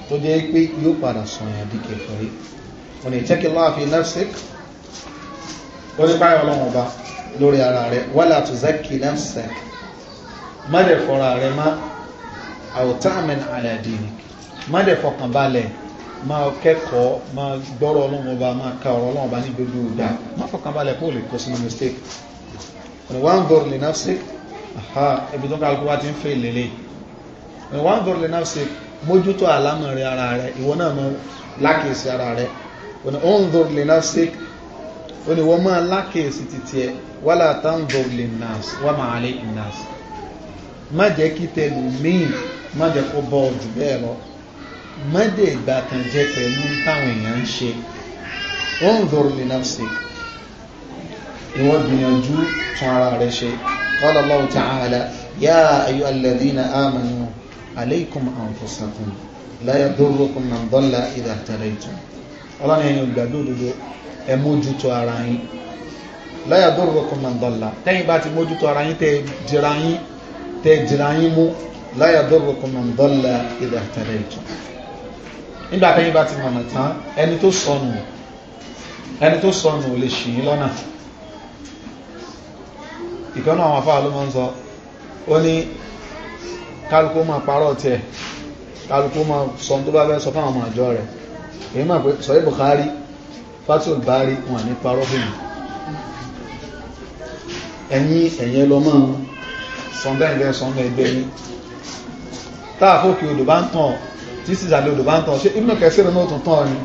Speaker 2: tó jẹ́ pé yóò padà sọ̀yàn bí kẹfẹ́rí wọ́n ní tẹ́kìlá fi nafsik ó ní báyọ̀ ọlọ́run bá lórí ara rẹ̀ wala tuzakki nafsak má dẹ̀ fọ́ra rẹ̀ má àwòtáàmìn àlàdìní má dẹ̀ fọkàn balẹ̀ máa kẹ́kọ̀ọ́ máa gbọ́rọ̀ ọlọ́run ọba máa ka ọ̀rọ̀ ọlọ́run ọba ní gbogbo ìgbà má fọkàn balẹ̀ kó lè kó sínú mistake ọ̀nà wà ń dọ̀rọ̀ lè náà sí àhá ibi tó kálukú ti ń fẹ́ ìlélẹ̀ ọ̀nà wà ń dọ̀rọ̀ lè náà sí mójútó ara rẹ ìwọ náà mọ ara rẹ ọ̀nà dọ̀rọ̀ lè náà sí má jẹ́ kó bọ́ ọ jù bẹ́ẹ̀ lọ má dẹ̀ ìgbà kan jẹ́ pẹ̀lú táwọn èèyàn ń ṣe wọ́n ń dọ̀rọ̀ lè náà sí ìwọ́ gbìyànjú tún ara rẹ̀ ṣe qala Allahu ta'ala ya ayyuha alladhina amanu alaykum anfusakum la yadurrukum man dalla idha ihtadaytum ọlọ́ni ẹ̀yin olùgbàdo òdodo ẹ mójútó ara yín la yadurrukum man dalla tẹ́yìn bá ti mójútó ara yín tẹ́ jìra yín tẹ́ jìra yín mú la yadurrukum man dalla idha ihtadaytum nígbà tẹ́yìn bá ti mọ̀nà tán ẹni tó sọnù ẹni tó sọnù lè ṣì yín lọ́nà ìkọ́nà àwọn afáà ló mọ́ ń sọ ó ní kálukú máa parọ́ tiẹ̀ kálukú máa sọ tó bá fẹ́ sọ fáwọn ọmọ àjọ rẹ̀ èyí máa pé sọ Bukhari fatul bari wọn ní parọ́ fèmí ẹ̀yìn ẹ̀yìn lọ máa sọ bẹ́ẹ̀ bẹ́ẹ̀ sọ bẹ́ẹ̀ bẹ́ẹ̀ táàfókè odò bá ń tàn tí sísàlẹ̀ odò bá ń tàn ṣe inú kẹsìrì náà tún tàn ni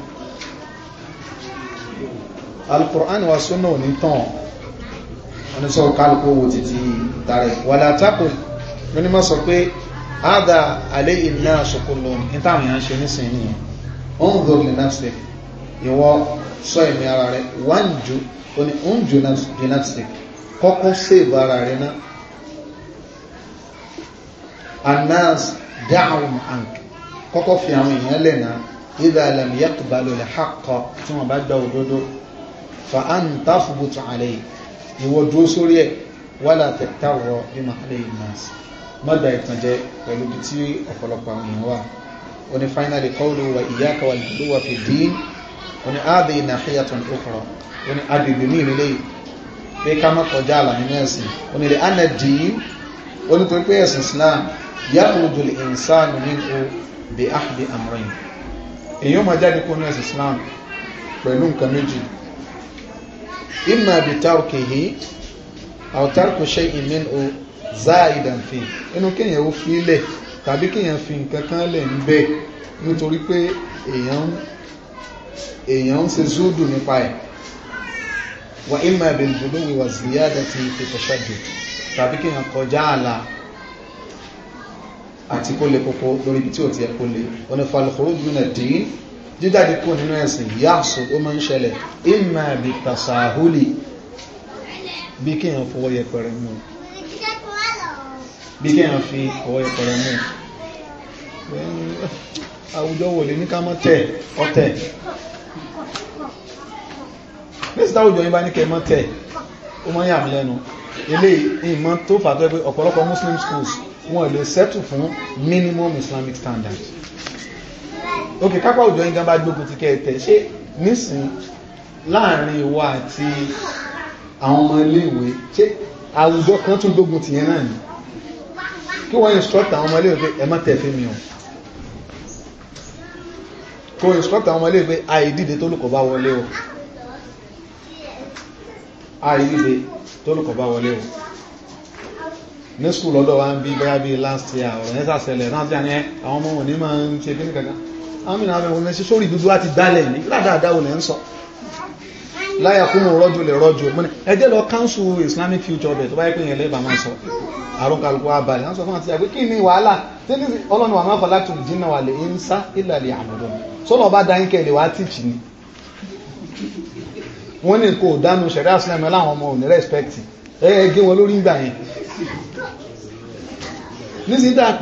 Speaker 2: alukur'ani wa sunna ò ní tàn wọn sọ kálukú wo títí tààrẹ wàlá tako lóní má sọ pé ádá alẹ́ ìlú náà ṣokòlò ní táwọn èèyàn ṣe nísìnyí nìyẹn ó ń dòrò ní náà ìwọ sọ ìmì ara rẹ̀ wọ́n jù ó ní ń jù gymnastic kọ́kọ́ sèbà ara rẹ̀ dáhùn àǹkì kọ́kọ́ fi àwọn èèyàn lẹ́nà idha lam yaqbalu al-haqqa tí wọ́n bá gba òdodo fa anta fubutu alayhi ìwọ dúró sórí ẹ̀ wala tẹ̀tàwọ̀ bí mahalayi nas mọ́dà ìtànjẹ pẹ̀lú bí tí ọ̀pọ̀lọpọ̀ àwọn èèyàn wà ó ní finally qawlu wa iyyaka wal ghuluwa fi din ó ní áàbì nahiyatun ukhra ó ní agbègbè ní ìrìlẹ̀ pé ká má kọjá àlà nínú ẹ̀sìn ó ní lè ánà dìín ó ní torí pé ẹ̀sìn Islam يخرج الإنسان منه بأحد أمرين، ahdi amrayn èyàn máa jáde kó ní ẹ̀sìn islam pẹ̀lú nǹkan méjì imma bi tarkihi aw tarku shay'in minhu zaidan fi inú kéèyàn ó fi lẹ̀ tàbí kéèyàn fi nǹkan kan lẹ̀ ń bẹ́ nítorí pé èèyàn èèyàn ń ṣe zúdù nípa ẹ̀ wa imma bil ghuluwi wa ziyadati fi tashaddud tàbí kéèyàn kọjá àlà àti kó lè kókó lórí ibi tí ò ti ẹ kó lè wọn ni falkoro gbìnà dín jíjáde kó nínú ẹ̀sìn yáàsù ó máa ń ṣẹlẹ̀ ìmà bí tàṣàhúlì bí kí èèyàn fọwọ́ yẹpẹrẹ mú bí kí èèyàn fi ọwọ́ yẹpẹrẹ mú àwùjọ wò lè ní ká mọ́ tẹ̀ ọ̀tẹ̀ mẹ́sìtá àwùjọ yín bá ní kẹ mọ́ tẹ̀ ó mọ́ yà mí lẹ́nu eléyìí ìmọ̀ tó fà tó ẹgbẹ́ ọ̀pọ̀lọpọ̀ muslim schools wọn lè settle fún minimum islamic standards ok kápá òjò yín gan bá gbógun ti kẹ́ẹ̀tẹ̀ ṣé nísìn láàrin ìwọ àti àwọn ọmọ iléèwé ṣé àwùjọ kan tún gbógun ti yẹn náà ni kí wọ́n instruct àwọn ọmọ iléèwé pé ẹ má tẹ̀ fí mi o kó instruct àwọn ọmọ iléèwé pé àìdíde tó lùkọ̀ àìdíde tó lùkọ̀ bá wọlé o ní skul lọ́dọ̀ wa ń bí bẹ́yà bí last year ọ̀rọ̀ yẹn sàṣẹlẹ̀ náà tí a ní àwọn ọmọ òní máa ń ṣe kí ní kankan àmì náà wọn ṣe sórí dúdú láti dálẹ̀ ní ládàádáwò lẹ́ ń sọ láyà kúnnù rọ́jò lè rọ́jò mọ́ni ẹjẹ́ lọ council islamic future bẹ̀ tó bá yẹ pé yẹn lẹ́bàá máa sọ àrùn kálukú abalẹ̀ wọ́n sọ fún àti àgbé kí ni wàhálà tẹ́lẹ̀ ọlọ́run wà máa kọ́ láti jìnnà wà lè ń sá ìlàlẹ̀ àmọ́dọ́ sọ́nà ọba dáyín kẹ́ lè wá tìjì ni wọ́n ní kò dánu ṣẹ̀rí àṣìlẹ̀mọ́ láwọn ọmọ òní rẹ́spẹ̀tì ẹ gé wọn lórí ìgbà yẹn nísìnyí tá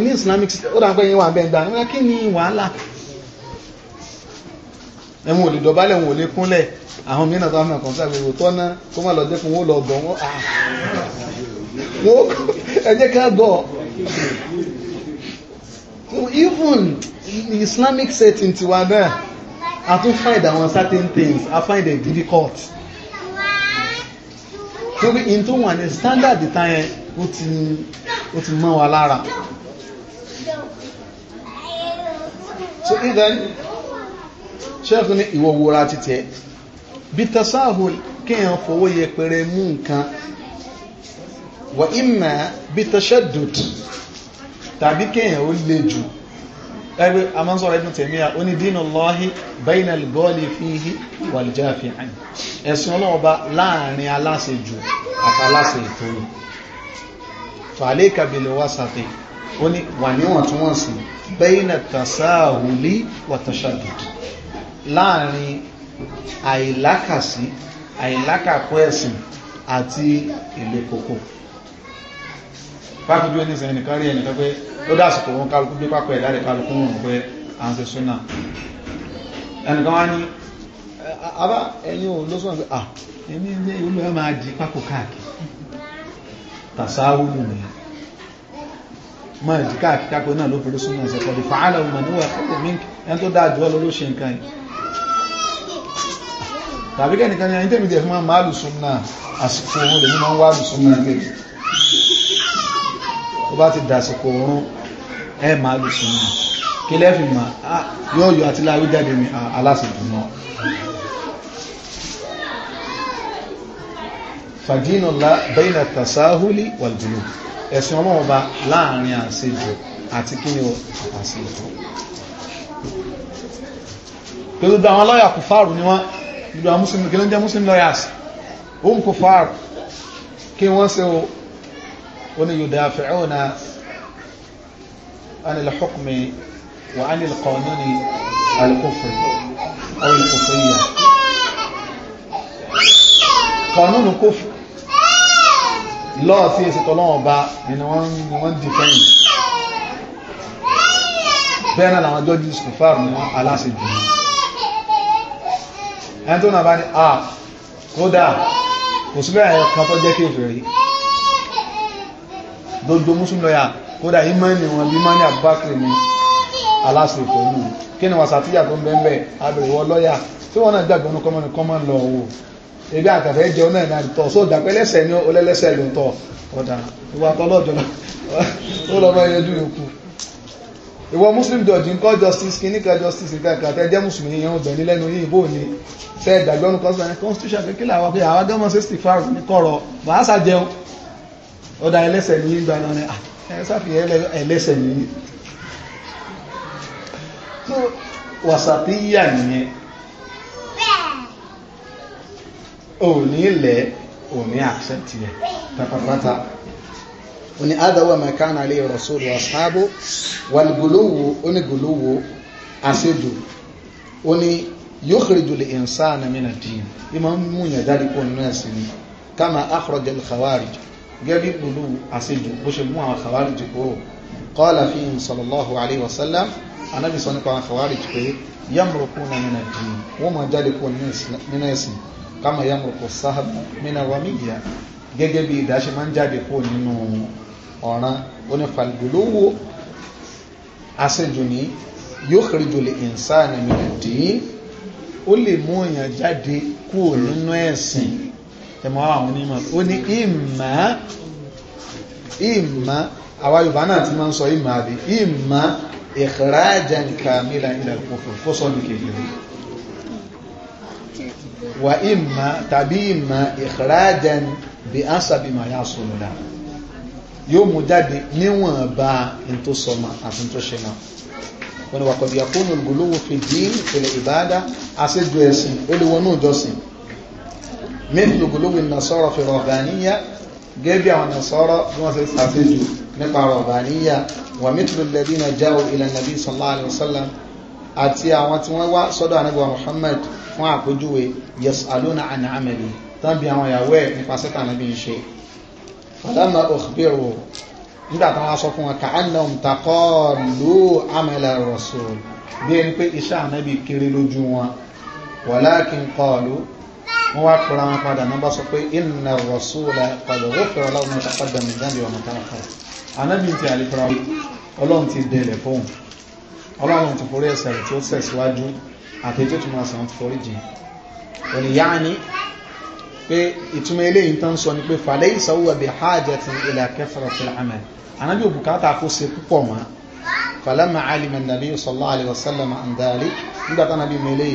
Speaker 2: ní islamic state ó dàgbẹ́ yín wà bẹ́ẹ̀ kí ni wàhálà ẹ̀wọ̀n ò dọ̀bálẹ̀ ẹ̀wọ̀n ò kúnlẹ̀ àwọn mìíràn tó àfihàn kan sí àgbègbè tó kó má lọ ah. jẹ́ lọ islamic setting tiwa náà a find àwọn certain things I find it difficult tó bí in tó wà ní standard tán ó ti mọ́ wa lára so idan ṣẹ́kù ní ìwọ̀ wúra títí ẹ bí tasahul kíyàn fọwọ́ yẹpẹrẹ mú nǹkan wà ìmẹ̀ bí tashaddud tàbí kíyàn ó le jù ẹgbẹ́ a máa ń sọ̀rọ̀ Ibn Taymiyyah ó ní dinullahi bainal ghali fihi wal jafi' ẹ̀sìn ọlọ́ọ̀ba láàrin aláṣẹ jù àtàláṣẹ ìtòrò fàlẹ́kà bil wasati ó ní wà níwọ̀ntúnwọ̀nsì baina tasahuli wa tashaddud láàrin àìlákàsí àìlákàkọ́ ẹ̀sìn àti fáfíjú ẹni sẹ́yìn nìkan rí ẹnìkan pé ó dásìkò wọn kálukú gbé pápọ̀ ẹ̀dá rẹ̀ kálukú wọn pé à ń ṣe súnà ẹnìkan wá ní abá ẹ̀yìn ò lọ́sùn àgbẹ̀ à ẹ̀mí ilé olóyà máa di pápọ̀ káàkiri tàṣáwùlù mi máa di káàkiri kápẹ́ náà ló fèrè súnà ṣe pọ̀lú fàálà ọmọ níwọ̀ ẹ̀kọ́ mi ẹni tàbí kẹ́nìkan ni ẹni tẹ́mi máa lù súnà àsìkò òun lè ní máa ń wá lù súnà ẹgbẹ́ ó bá ti dàsìkò oorun ẹ máa lù sùn náà kí lẹ́fì mà yóò yọ àti láwí jáde mi aláṣẹ̀dù náà fàdínà bẹ́yìnà tàṣáhúlì wàlùbùlù ẹ̀sìn ọlọ́run ọba láàrin àṣejù àti kí ni àṣejù pẹ̀lú àwọn lọ́yà kò fáàrù ni wọ́n ìlú àwọn muslim kí kò fáàrù kí wọ́n ṣe o oní yudafi'una anil hukmi wa anil qanuni al-kufri aw al-kufriyya qanunu kufri lọ́ọ̀ tí èsì tọ́lọ́wọ̀n bá ni wọ́n dìfẹ́yìn bẹ́ẹ̀ náà làwọn jọ́jú ìsìnkúfààrù ni wọ́n aláṣẹ jù ní ẹni tó náà bá ní à ah, kódà kò sí bẹ́ẹ̀ kan tó jẹ́ kéfèé rí gbogbo muslim lọ́yà kódà imani wọn bí imani abubakar ni aláṣẹ ìpẹ̀lú kí ni wàsàtíyà tó ń bẹ́ẹ̀ abẹ̀wọ̀ lọ́yà tí wọ́n náà gbàgbọ́ ní kọ́mọ́ni kọ́mọ́ni lọ wò ebi àtàfẹ́ jẹun náà náà tọ́ só dàpẹ́ lẹ́sẹ̀ ní olẹ́lẹ́sẹ̀ ló tọ́ ọ̀dà ìwà tọ́lọ́jọ́ ó lọ́mọ yẹjú yòókù ìwọ muslim judge ńkọ́ justice kí níkan justice ìka ìka tẹ́ jẹ́ mùsùlùmí yẹn ọ̀bẹ̀ nílẹ̀ ní oyè ìbò ni fẹ́ ìdàgbọ́nù constitution kí làwọn pé àwọn gọ́mọ̀ sí stifar ní kọ̀rọ̀ wàásà jẹun ọ̀dà ẹlẹ́sẹ̀ ah, ní ìgbà náà ni ẹ̀sàfihàn ẹlẹ́sẹ̀ ní wàsàtíyà nìyẹn òní ilẹ̀ òní àṣẹ́tì ẹ̀ pátápátá òní adáwà mẹ́kánà lè rọ̀sọ́lù asáàbò wàlgùlówó onígùlówó àṣẹ́dù òní yóò kìrìjù lè ìǹsáà nàmínà dìín ìmọ̀ múyàn dáríkò nínú ẹ̀sìn kama akhrajal khawarij gẹ́bí pẹ̀lú àṣejù bó ṣe mú àwọn àkàwárí jù kúrò qala fihim sallallahu alayhi wa sallam anábì sọ nípa àkàwárí jù pé yamruquna min ad-din wọ́n máa jáde kúrò nínú ẹ̀sìn kama yamruqu sahab min ar-ramiyya gẹ́gẹ́ bí ìdáṣe máa ń jáde kúrò nínú ọ̀ràn onífàlùdòlówó àṣejù ní yukhriju al-insana ẹmọ àwọn onímọ̀ ó ní ìmá ìmá àwa Yorùbá náà ti máa ń sọ ìmá àbí ìmá ìkìrájà nǹkan mílà ilẹ̀ òfin fóṣọ ní kékeré wà ìmá tàbí ìmá ìkìrájà bí á sàbí màá yá sọ lọ́la yóò mú jáde níwọ̀n bá in tó ni wà kọ̀díyàkónù gòlówó fi ìpìlẹ̀ ìbáadá aṣẹ́jú ẹ̀sìn ó ìjọsìn mẹ́fì ògùlówìn nasọ́rọ̀ fi rọ̀bàníyà gẹ́bí àwọn nasọ́rọ̀ bí wọ́n ṣe ṣàfihàn nípa rọ̀bàníyà wà mẹ́tìlú lẹ́dínà jáwò ilẹ̀ nàbí sallallahu alaihi wasallam àti àwọn tí wọ́n wá sọ́dọ̀ ànábì Muhammad fún àpójúwe yasaluna an amali tàbí àwọn ìyàwó ẹ̀ nípa sẹ́tà nàbí ń ṣe falamma ukhbiru nígbà táwọn aṣọ fún wọn ka'annahum taqallu amala rasul bí ẹni pé iṣẹ́ ànábì kéré lójú wọn walakin qalu wọ́n wá pẹ̀lú àwọn padà náà bá sọ pé inna rasúlà padà ó fẹ́ràn láwọn ọmọ tàpádà mi dáńdé ọmọ tàpá anábì ti àlefra ọlọ́run ti dẹ̀lẹ̀ fóun ọlọ́run ti forí ẹsẹ̀ rẹ̀ tí ó sẹ̀síwájú àti tó tún máa sàn ti forí jìn òní yá ni pé ìtumọ̀ eléyìí tán sọ ni pé fàlẹ́ ìsọ̀wọ́ bí hajatin ila kathrati al-amal anábì ò bùkátà kó ṣe púpọ̀ mọ́ فلما علم النبي صلى الله عليه وسلم عن ذلك قد النبي ملي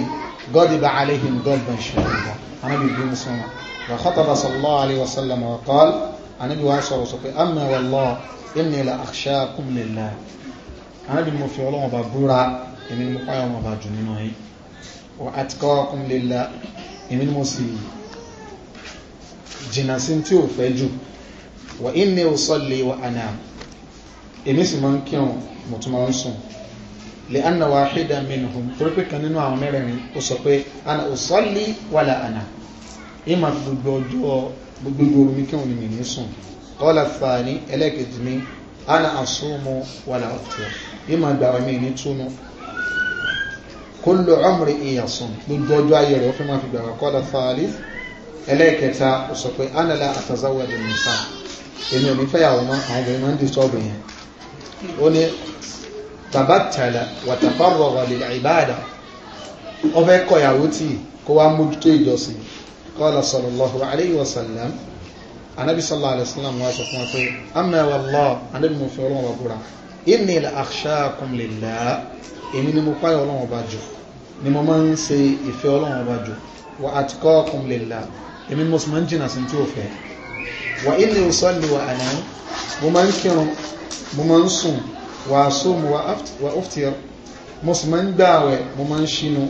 Speaker 2: غضب عليهم غضبا شديدا anábì bínú sí wọn wà khataba sallallahu alayhi wa sallam wa qal anábì wá sọ̀rọ̀ sọ pé amma wallahi inni la akhshakum lillah anábì mo fi ọlọ́wọ́n bá búra èmi mo páyọ̀ wọn bá jù nínú yìí wa atqakum lillah èmi mo sì jìnà sí tí ò fẹ́ jù wa inni usalli wa anam èmi sì máa ń kírun mo tún máa ń sùn lè anna wa hídà minhum torí pé kan nínú àwọn mẹ́rẹ̀rin ó sọ pé ana usalli wala ana ìmà gbogbo ọjọ́ gbogbo omi kí wọn ni mìíràn sùn kọ́lá fàání ẹlẹ́kẹ̀jì ni ana asumu wala aftur ìmà gbàwẹ̀ mi ní túnú kullu umri ìyàsùn gbogbo ọjọ́ ayé rẹ̀ ó fi máa fi gbàwẹ̀ kọ́lá fàálí ẹlẹ́ẹ̀kẹta ó sọ pé ánàlá àtàzáwàdì nìsà èmi ò ní fẹ́yàwó mọ́ àwọn obìnrin máa ń dìtọ́ọ̀bù yẹn ó ní tabatala wàtàfàrọ̀wà lil ibada ó fẹ́ kọ̀yàwó tí kó wá mójútó ìjọsìn qala sallallahu alayhi wa sallam anabi sallallahu alayhi wa sallam wá sọ fún wa pé amma wallahi anabi mo fi ọlọ́wọ́ búra inni la akhshakum lillah èmi ni mo páyọ̀ ọlọ́wọ́ bá jù máa ń jìnà sí tí ó fẹ́ wa inni usalli wa anam máa ń kírun mo máa ń sùn wà sóòmù wà ọ́ftíọ̀ mo sì máa ń gbà àwẹ̀ mo máa ń ṣínú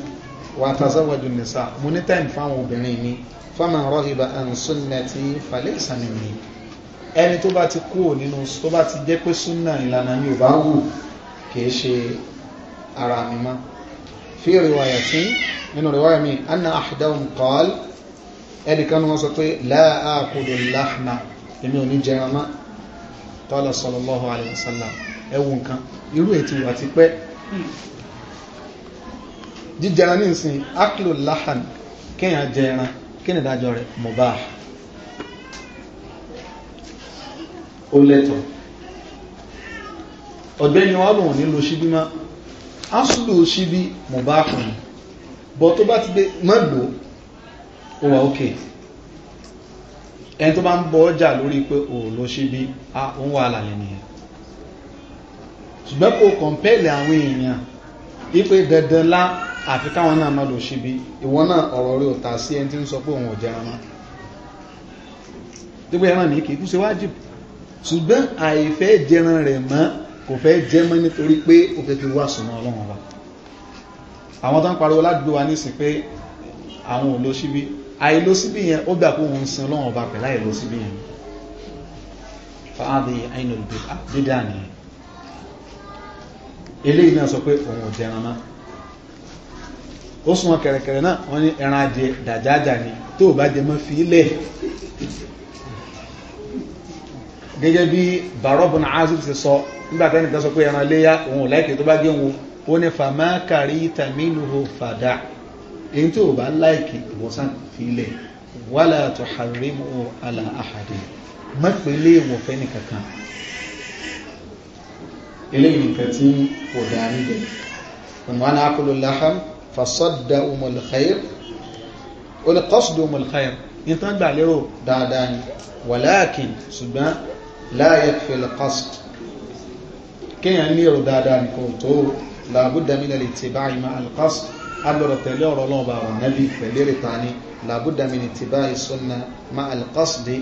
Speaker 2: wà tàzáwàdù nìsà mo ní time fáwọn obìnrin mi faman rahiba an sunnati falaysa minni ẹni tó bá ti kú ò nínú tó bá ti jẹ́ pé súnà ìlànà mi ò bá wù kìí ṣe ara mi mọ́ fi riwayatin nínú riwaya mi anna ahadahum qala ẹni kan wọ́n sọ pé la aqulu èmi ò ní jẹran mọ́ qala sallallahu alayhi wa ẹwù nǹkan irú ètò wà ti pẹ́ jíjẹran ní ìsìn aklo lahan kéèyàn jẹran kí ni rẹ̀ mubah ó lẹ́tọ̀ ọ̀gbẹ́ni wa lòun nílò ṣíbí má áṣùlò ṣíbí mubah fún mi bọ́ tó bá ti dé mọ́lò ó wà ókè ẹni tó bá ń bọ́ ọjà lórí pé òun ló ṣíbí ń wà lálẹ́ nìyẹn ṣùgbọ́n kò kọ̀mpẹ́lẹ̀ àwọn èèyàn wípé dandan lá àfi káwọn náà má lò ṣe bí ìwọ náà ọ̀rọ̀ rẹ̀ ò ta sí ẹni tí ń sọ pé òun ò jẹ́ ẹran dípò ẹran ní kìí kú ṣe wájib ṣùgbọ́n àìfẹ́ jẹran rẹ̀ mọ́ kò fẹ́ jẹ́ mọ́ nítorí pé ó fẹ́ fi wá sùnmọ́ ọlọ́run ọba àwọn tó ń pariwo ládùúgbò wa nísìn pé àwọn ò lọ síbí àìlọ síbí yẹn ó gbà pé òun sin ọlọ́run ọba pẹ̀lú àìlọ síbí yẹn fàádìí àìnà òbí nìyẹn eléyìí náà sọ pé òun ò jẹran mọ́ ó súnmọ́ kẹ̀rẹ̀kẹ̀rẹ̀ náà wọ́n ní ẹran adìẹ dàjájà ni tó bá jẹ mọ́ fi lẹ̀ gẹ́gẹ́ bí ti sọ nígbàtẹ́ni tẹ́ sọ pé ẹran léyá òun ò láìkè tó bá gé wọn ó ní fàmá kàrí tàmínúhò fàdá èyí tó bá láìkè ìwọ̀sán fi lẹ̀ wàlà إليهم كتير وداني عنوان أكل اللحم فصد أم الخير والقصد أم الخير ينتبع لرو داداني ولكن سبحان لا يكفي القصد كي يعني رو داداني كوتو لا بد من الاتباع مع القصد أبو رتلي أورلون بارو النبي فليرتاني لا بد من اتباع السنة مع القصد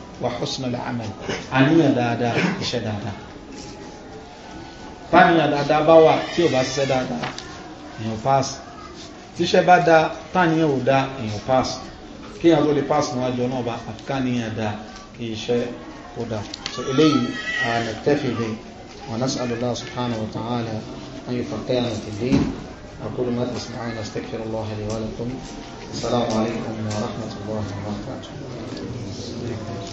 Speaker 2: وحسن العمل عني دادا شدادا فاني دادا باوا تيو باس شدادا نيو باس تيشي بادا تاني ودا نيو باس كي يقول لي باس نوا جنوبا أكاني دا كيشي ودا أنا نكتفي به ونسأل الله سبحانه وتعالى أن يفقهنا في الدين
Speaker 1: أقول ما تسمعين أستغفر الله لي ولكم السلام عليكم ورحمة الله وبركاته Thank you.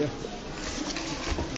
Speaker 3: Yeah.